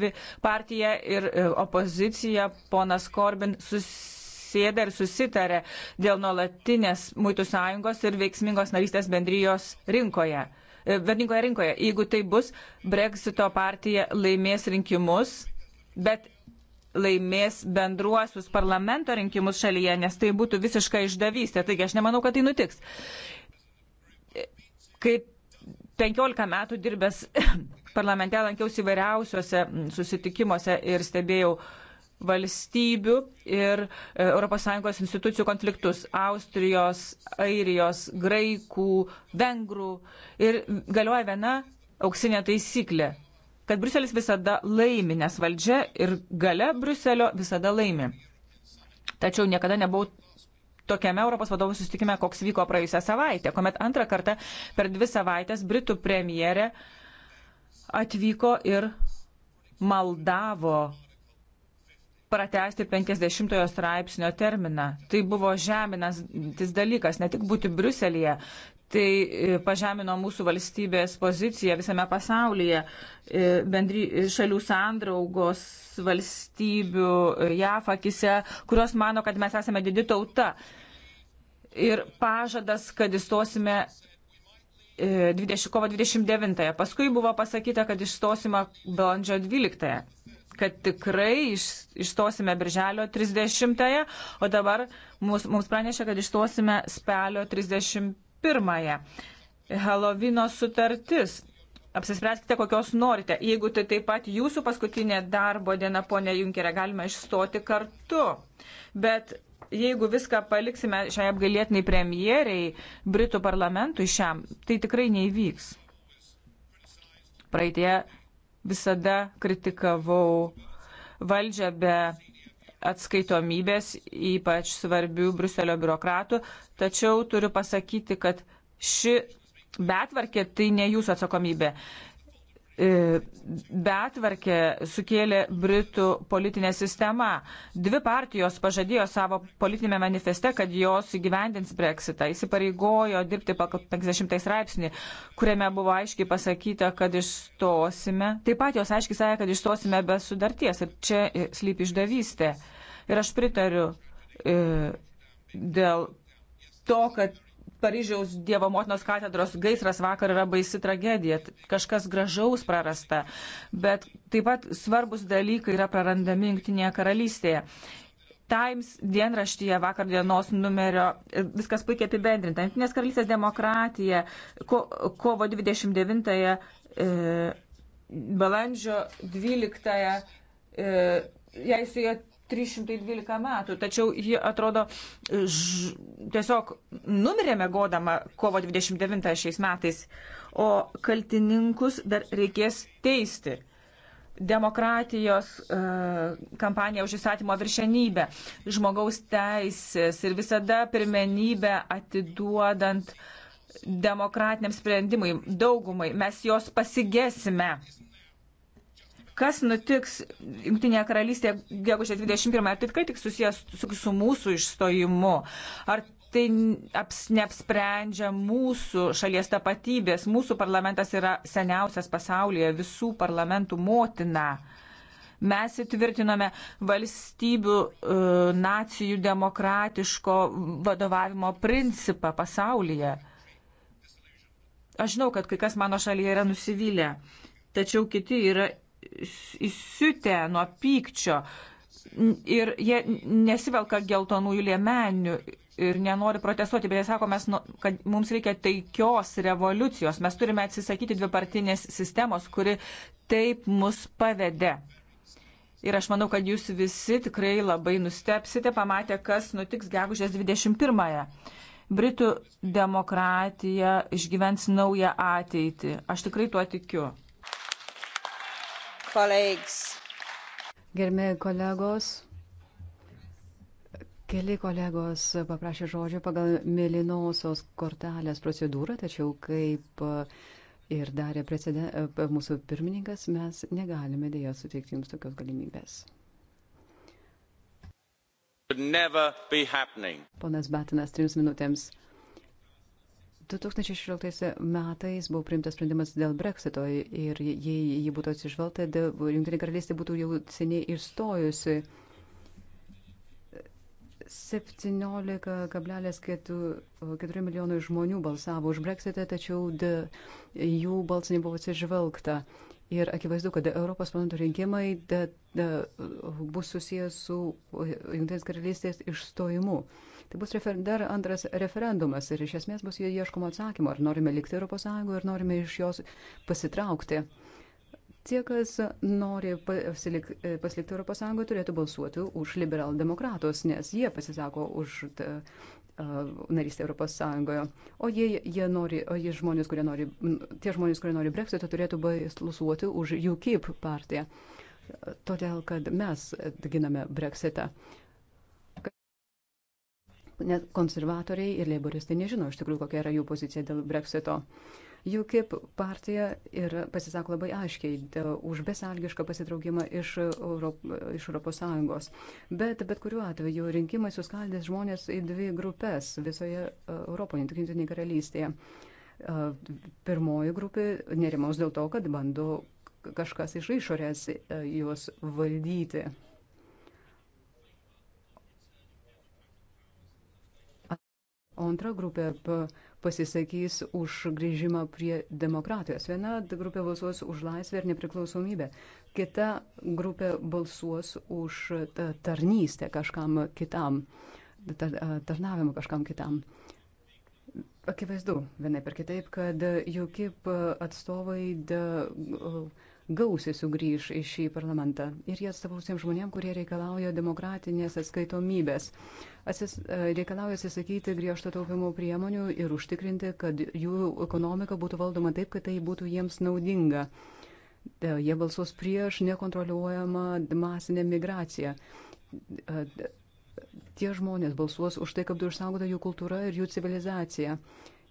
partija ir e, opozicija, ponas Korbin susėda ir susitarė dėl nuolatinės muitų sąjungos ir veiksmingos narystės bendrijos rinkoje E, verningoje rinkoje. Jeigu tai bus, Brexito partija laimės rinkimus, bet laimės bendruosius parlamento rinkimus šalyje, nes tai būtų visiška išdavystė. Taigi aš nemanau, kad tai nutiks. E, Kaip 15 metų dirbęs parlamente lankiausi įvairiausiuose susitikimuose ir stebėjau uh, valstybių ir ES institucijų konfliktus - Austrijos, Airijos, Graikų, Vengrų. Ir galioja viena auksinė taisyklė - kad Bruselis visada laimi, nes valdžia ir gale Bruselio visada laimi. Tačiau niekada nebuvau tokiame Europos vadovų susitikime, koks vyko praėjusią savaitę, kuomet antrą kartą per dvi savaitės Britų premjerė atvyko ir maldavo pratesti 50 straipsnio terminą. Tai buvo žeminantis dalykas, ne tik būti Briuselėje, tai e, pažemino mūsų valstybės poziciją visame pasaulyje, e, bendry, e, šalių sandraugos valstybių, JAF akise, kurios mano, kad mes esame didi tauta. Ir pažadas, kad įstosime 20, kovo 29. Paskui buvo pasakyta, kad išstosime balandžio 12 kad tikrai iš, išstosime birželio 30-ąją, o dabar mums, mums pranešė, kad išstosime spalio 31-ąją. Helovino sutartis. Apsispręskite, kokios norite. Jeigu tai taip pat jūsų paskutinė darbo diena, ponė Junkerė, galima išstoti kartu. Bet jeigu viską paliksime šiai apgailėtinai premjeriai, Britų parlamentui šiam, tai tikrai neįvyks. Praeitie visada kritikavau valdžią be atskaitomybės, ypač svarbių Bruselio biurokratų, tačiau turiu pasakyti, kad ši betvarkė tai ne jūsų atsakomybė. E, betvarkė sukėlė Britų politinė sistema. Dvi partijos pažadėjo savo politinėme manifeste, kad jos įgyvendins breksitą. Įsipareigojo dirbti pagal 50 straipsnį, kuriame buvo aiškiai pasakyta, kad išstosime. Taip pat jos aiškiai sąja, kad išstosime be sudarties. Ir čia slypi išdavystė. Ir aš pritariu e, dėl to, kad Paryžiaus Dievo motinos katedros gaisras vakar yra baisi tragedija, kažkas gražaus prarasta, bet taip pat svarbus dalykai yra prarandami Junktinėje karalystėje. Times dienraštyje vakar dienos numerio e, viskas puikiai apibendrinta. Junktinės karalystės demokratija ko, kovo 29-ąją, e, balandžio 12-ąją, e, jei su jo 312 metų, tačiau ji atrodo ž, tiesiog numirė mėgodama kovo 29 šiais metais, o kaltininkus dar reikės teisti. Demokratijos e, kampanija už įstatymo viršenybę, žmogaus teisės ir visada pirmenybę atiduodant demokratiniam sprendimui, daugumai, mes jos pasigėsime kas nutiks Junktinėje karalystėje gegužės 21, ar tai tikrai tik susijęs su, su mūsų išstojimu, ar tai aps, neapsprendžia mūsų šalies tapatybės. Mūsų parlamentas yra seniausias pasaulyje visų parlamentų motina. Mes įtvirtinome valstybių, e, nacijų demokratiško vadovavimo principą pasaulyje. Aš žinau, kad kai kas mano šalyje yra nusivylę, tačiau kiti yra įsiutę nuo pykčio ir jie nesivelka geltonųjų liemenių ir nenori protestuoti, bet jie sako, mes, nu, kad mums reikia taikios revoliucijos, mes turime atsisakyti dvipartinės sistemos, kuri taip mus pavedė. Ir aš manau, kad jūs visi tikrai labai nustepsite, pamatę, kas nutiks gegužės 21-ąją. Britų demokratija išgyvens naują ateitį. Aš tikrai tuo tikiu. Gerbėjai kolegos, keli kolegos paprašė žodžio pagal mėlynosios kortelės procedūrą, tačiau kaip ir darė e, mūsų pirmininkas, mes negalime dėja suteikti jums tokios galimybės. Ponas Batinas, trims minutėms. 2016 metais buvo priimtas sprendimas dėl breksito ir jei jį būtų atsižvelgta, Junktinė karalystė būtų jau seniai išstojusi. 17,4 milijonai žmonių balsavo už breksitą, tačiau jų balsai nebuvo atsižvelgta. Ir akivaizdu, kad Europos parlamento rinkimai da, da, bus susijęs su e, Junktinės karalystės išstojimu. Tai bus refer, dar antras referendumas ir iš esmės bus ieškoma atsakymo, ar norime likti Europos Sąjungoje, ar norime iš jos pasitraukti. Tie, kas nori pasilik, e, pasilikti Europos Sąjungoje, turėtų balsuoti už liberaldemokratus, nes jie pasisako už e, narystę Europos Sąjungoje. O jie, jie nori, o jie žmonės, kurie nori, tie žmonės, kurie nori Brexito, turėtų balsuoti už UKIP partiją. Todėl, kad mes giname Brexitą. Net konservatoriai ir leiboristai nežino iš tikrųjų, kokia yra jų pozicija dėl Brexito. Uh, UKIP partija ir pasisako labai aiškiai už besalgišką pasitraukimą iš, Europ, iš Europos Sąjungos. Bet bet kuriuo atveju rinkimai suskaldės žmonės į dvi grupės visoje e, Europoje, tik Junktinėje karalystėje. E, pirmoji grupė nerimaus dėl to, kad bando kažkas iš išorės e, juos valdyti. o antra grupė pasisakys už grįžimą prie demokratijos. Viena grupė balsuos už laisvę ir nepriklausomybę, kita grupė balsuos už tarnystę kažkam kitam, tarnavimą kažkam kitam. Akivaizdu, vienai per kitaip, kad jokie atstovai. De, uh, gausiai sugrįž į šį parlamentą ir jie atstovaus tiem žmonėm, kurie reikalauja demokratinės atskaitomybės, Atsis, e, reikalauja atsisakyti griežto taupimo priemonių ir užtikrinti, kad jų ekonomika būtų valdoma taip, kad tai būtų jiems naudinga. E, jie balsuos prieš nekontroliuojamą masinę migraciją. E, tie žmonės balsuos už tai, kad būtų išsaugota jų kultūra ir jų civilizacija.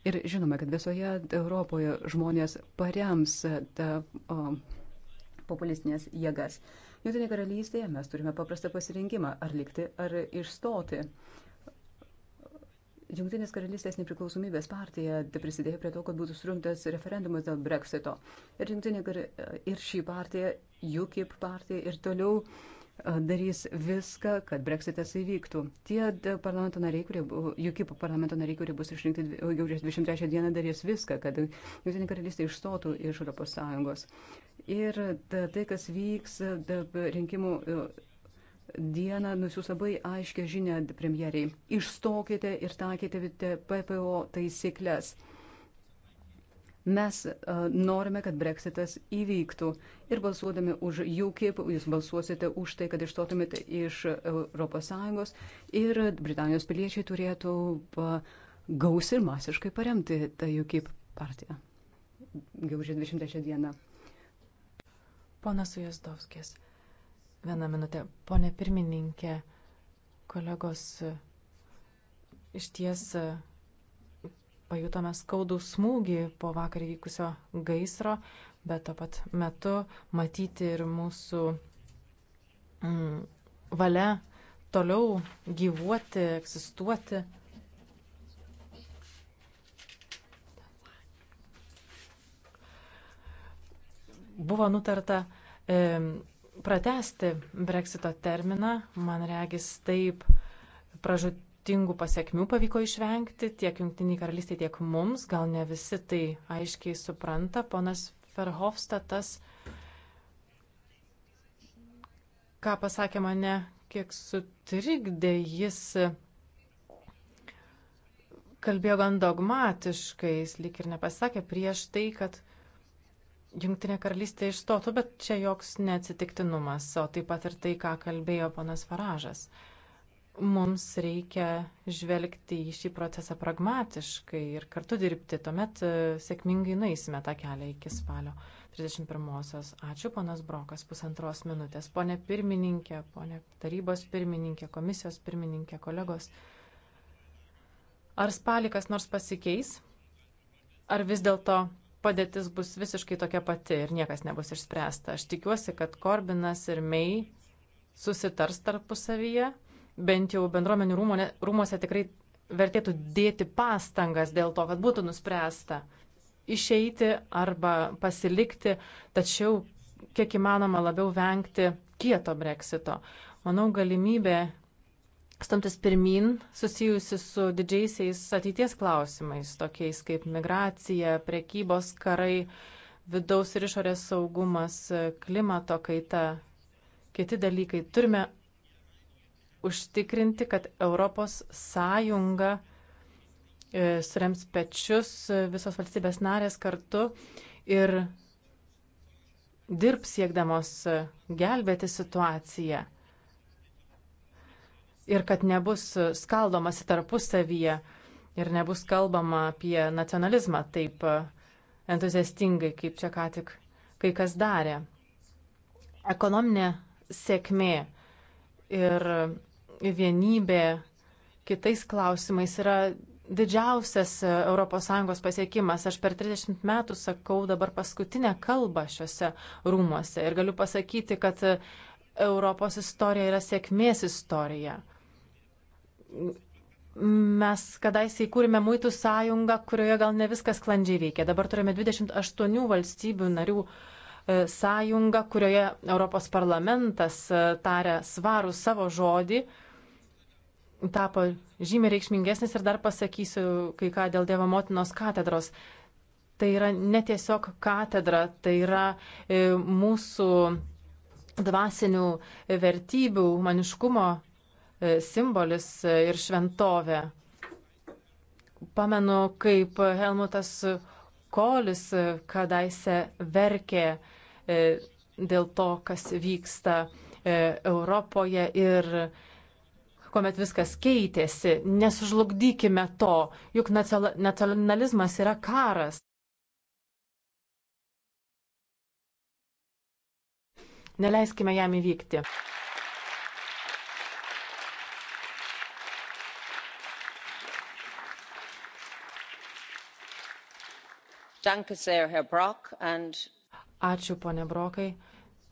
Ir žinome, kad visoje Europoje žmonės parems tą. O, populistinės jėgas. Jungtinė karalystėje mes turime paprastą pasirinkimą - ar likti, ar išstoti. Junktinės karalystės nepriklausomybės partija prisidėjo prie to, kad būtų surinktas referendumas dėl breksito. Ir, Junktinė, ir šį partiją, UKIP partiją ir toliau uh, darys viską, kad breksitas įvyktų. Tie e, parlamento nariai, kurie, UKIP parlamento nariai, kurie bus išrinkti gegužės 23 dieną, darys viską, kad Junktinė karalystė išstotų iš ES. Ir e, tai, kas vyks e, rinkimų dieną, nusiūs labai aiškę žinę premjeriai. Išstokite ir takite PPO taisyklės. Mes uh, norime, kad breksitas įvyktų ir balsuodami už UKIP jūs balsuosite už tai, kad išstotumėte iš ES ir Britanijos piliečiai turėtų uh, e, gausiai ir masiškai paremti tą UKIP partiją. Gegužė 23 diena. Ponas Ujazdovskis, vieną minutę. Pone pirmininkė, kolegos, iš ties pajutome skaudų smūgį po vakar įvykusio gaisro, bet to pat metu matyti ir mūsų mm, valia toliau gyvuoti, egzistuoti. Buvo nutarta e, pratesti breksito terminą, man regis taip pražudyti ypatingų pasiekmių pavyko išvengti tiek Junktiniai karalystiai, tiek mums. Gal ne visi tai aiškiai supranta. Ponas Verhofstadtas, ką pasakė mane, kiek sutrikdė, jis kalbėjo gan dogmatiškai, jis lyg ir nepasakė prieš tai, kad Junktinė karalystė išstotų, bet čia joks neatsitiktinumas, o taip pat ir tai, ką kalbėjo ponas Faražas. Uh, Mums reikia žvelgti į šį procesą pragmatiškai ir kartu dirbti. Tuomet e, sėkmingai naisime tą kelią iki spalio 31-osios. Ačiū, ponas Brokas, pusantros minutės. Pone pirmininkė, pone tarybos pirmininkė, komisijos pirmininkė, kolegos. Ar spalį kas nors pasikeis? Ar vis dėlto padėtis bus visiškai tokia pati ir niekas nebus išspręsta. Aš tikiuosi, kad Korbinas ir Mei susitars tarpusavyje bent jau bendruomenių rūmone, rūmose tikrai vertėtų dėti pastangas dėl to, kad būtų nuspręsta išeiti arba pasilikti, tačiau kiek įmanoma labiau vengti kieto breksito. Manau, galimybė stumtis pirmin susijusi su didžiaisiais ateities klausimais, tokiais kaip migracija, prekybos karai, vidaus ir išorės saugumas, klimato kaita, kiti dalykai. Turime užtikrinti, kad Europos Sąjunga e, surems pečius e, visos valstybės narės kartu ir dirbs siekdamos e, gelbėti situaciją. Ir kad nebus skaldomasi tarpusavyje ir nebus kalbama apie nacionalizmą taip entuziastingai, kaip čia ką tik kai kas darė. Ekonominė sėkmė ir vienybė kitais klausimais yra didžiausias e, ES pasiekimas. Aš per 30 metų sakau dabar paskutinę kalbą šiuose rūmuose ir galiu pasakyti, kad e, Europos istorija yra sėkmės istorija. Mes kadaise įkūrėme muitų sąjungą, kurioje gal ne viskas klandžiai veikia. Dabar turime 28 valstybių narių e, sąjungą, kurioje Europos parlamentas taria svarų savo žodį tapo žymiai reikšmingesnis ir dar pasakysiu kai ką dėl Dievo motinos katedros. Tai yra ne tiesiog katedra, tai yra e, mūsų dvasinių vertybių, maniškumo e, simbolis e, ir šventovė. Pamenu, kaip Helmutas Kolis kadaise verkė dėl to, kas vyksta Europoje ir kuomet viskas keitėsi. Nesužlugdykime to, juk nacionalizmas yra karas. Neleiskime jam įvykti. Ačiū, ponė Brokai.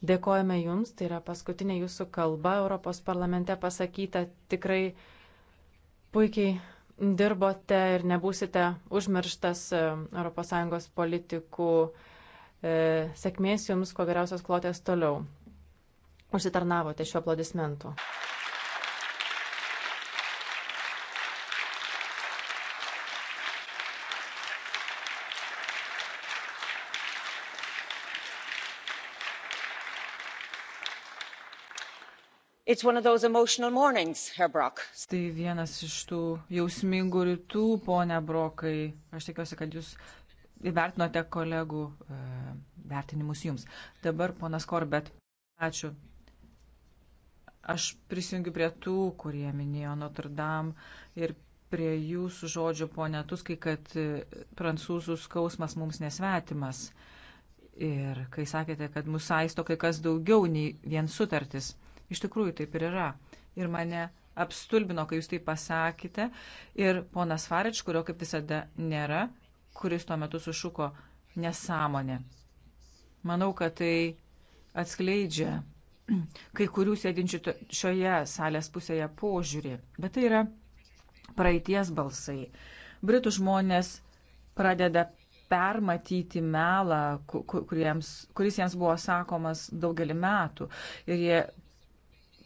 Dėkojame Jums, tai yra paskutinė Jūsų kalba Europos parlamente pasakyta. Tikrai puikiai dirbote ir nebūsite užmirštas ES politikų. E, sėkmės Jums, kuo geriausios klotės toliau. Užsitarnavote šiuo aplodismentu. Mornings, tai vienas iš tų jausmingų rytų, ponia Brokai. Aš tikiuosi, kad jūs įvertinote kolegų e, vertinimus jums. Dabar, ponas Korbet, ačiū. Aš prisijungiu prie tų, kurie minėjo Notre Dame ir prie jūsų žodžių, ponia Tuskai, kad e, prancūzų skausmas mums nesvetimas. Ir kai sakėte, kad mūsų aisto kai kas daugiau nei vien sutartis. Iš tikrųjų taip ir yra. Ir mane apstulbino, kai jūs tai pasakėte. Ir ponas Farič, kurio kaip visada nėra, kuris tuo metu sušuko nesąmonė. Manau, kad tai atskleidžia kai kurių sėdinčių šioje salės pusėje požiūrį. Bet tai yra praeities balsai. Britų žmonės pradeda permatyti melą, kuriems, kuris jiems buvo sakomas daugelį metų. Ir jie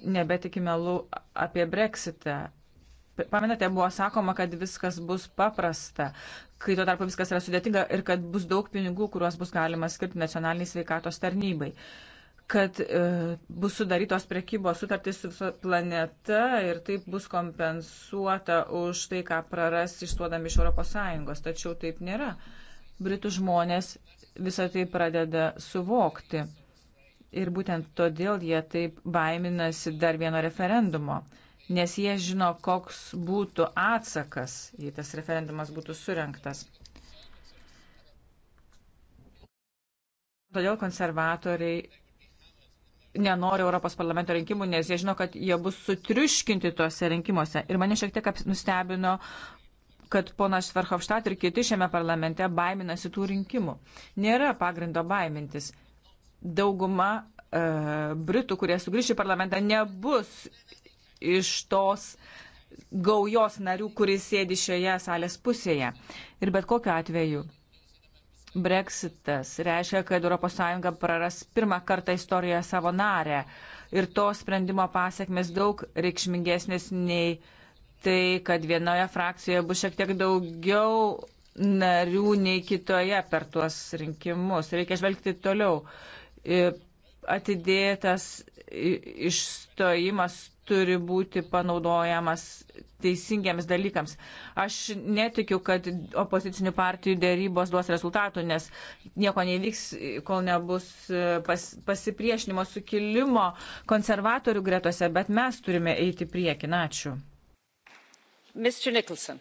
nebetiki melų apie breksitą. Pamenate, buvo sakoma, kad viskas bus paprasta, kai tuo tarpu viskas yra sudėtinga ir kad bus daug pinigų, kuriuos bus galima skirti nacionaliniai sveikatos tarnybai kad e, bus sudarytos prekybos sutartys su viso planeta ir taip bus kompensuota už tai, ką praras išduodami iš ES. Tačiau taip nėra. Britų žmonės visą tai pradeda suvokti. Ir būtent todėl jie taip baiminasi dar vieno referendumo, nes jie žino, koks būtų atsakas, jei tas referendumas būtų surinktas. Todėl konservatoriai nenori Europos parlamento rinkimų, nes jie žino, kad jie bus sutriuškinti tuose rinkimuose. Ir mane šiek tiek nustebino, kad ponas Verhofštat ir kiti šiame parlamente baiminasi tų rinkimų. Nėra pagrindo baimintis dauguma e, Britų, kurie sugrįš į parlamentą, nebus iš tos gaujos narių, kuris sėdi šioje salės pusėje. Ir bet kokiu atveju Brexitas reiškia, kad ES praras pirmą kartą istorijoje savo narę. Ir to sprendimo pasiekmes daug reikšmingesnės nei tai, kad vienoje frakcijoje bus šiek tiek daugiau narių nei kitoje per tuos rinkimus. Reikia žvelgti toliau atidėtas išstojimas turi būti panaudojamas teisingiams dalykams. Aš netikiu, kad opozicinių partijų dėrybos duos rezultatų, nes nieko nevyks, kol nebus e, pas, pasipriešinimo sukilimo konservatorių gretose, bet mes turime eiti priekin. Ačiū. Mr. Nicholson.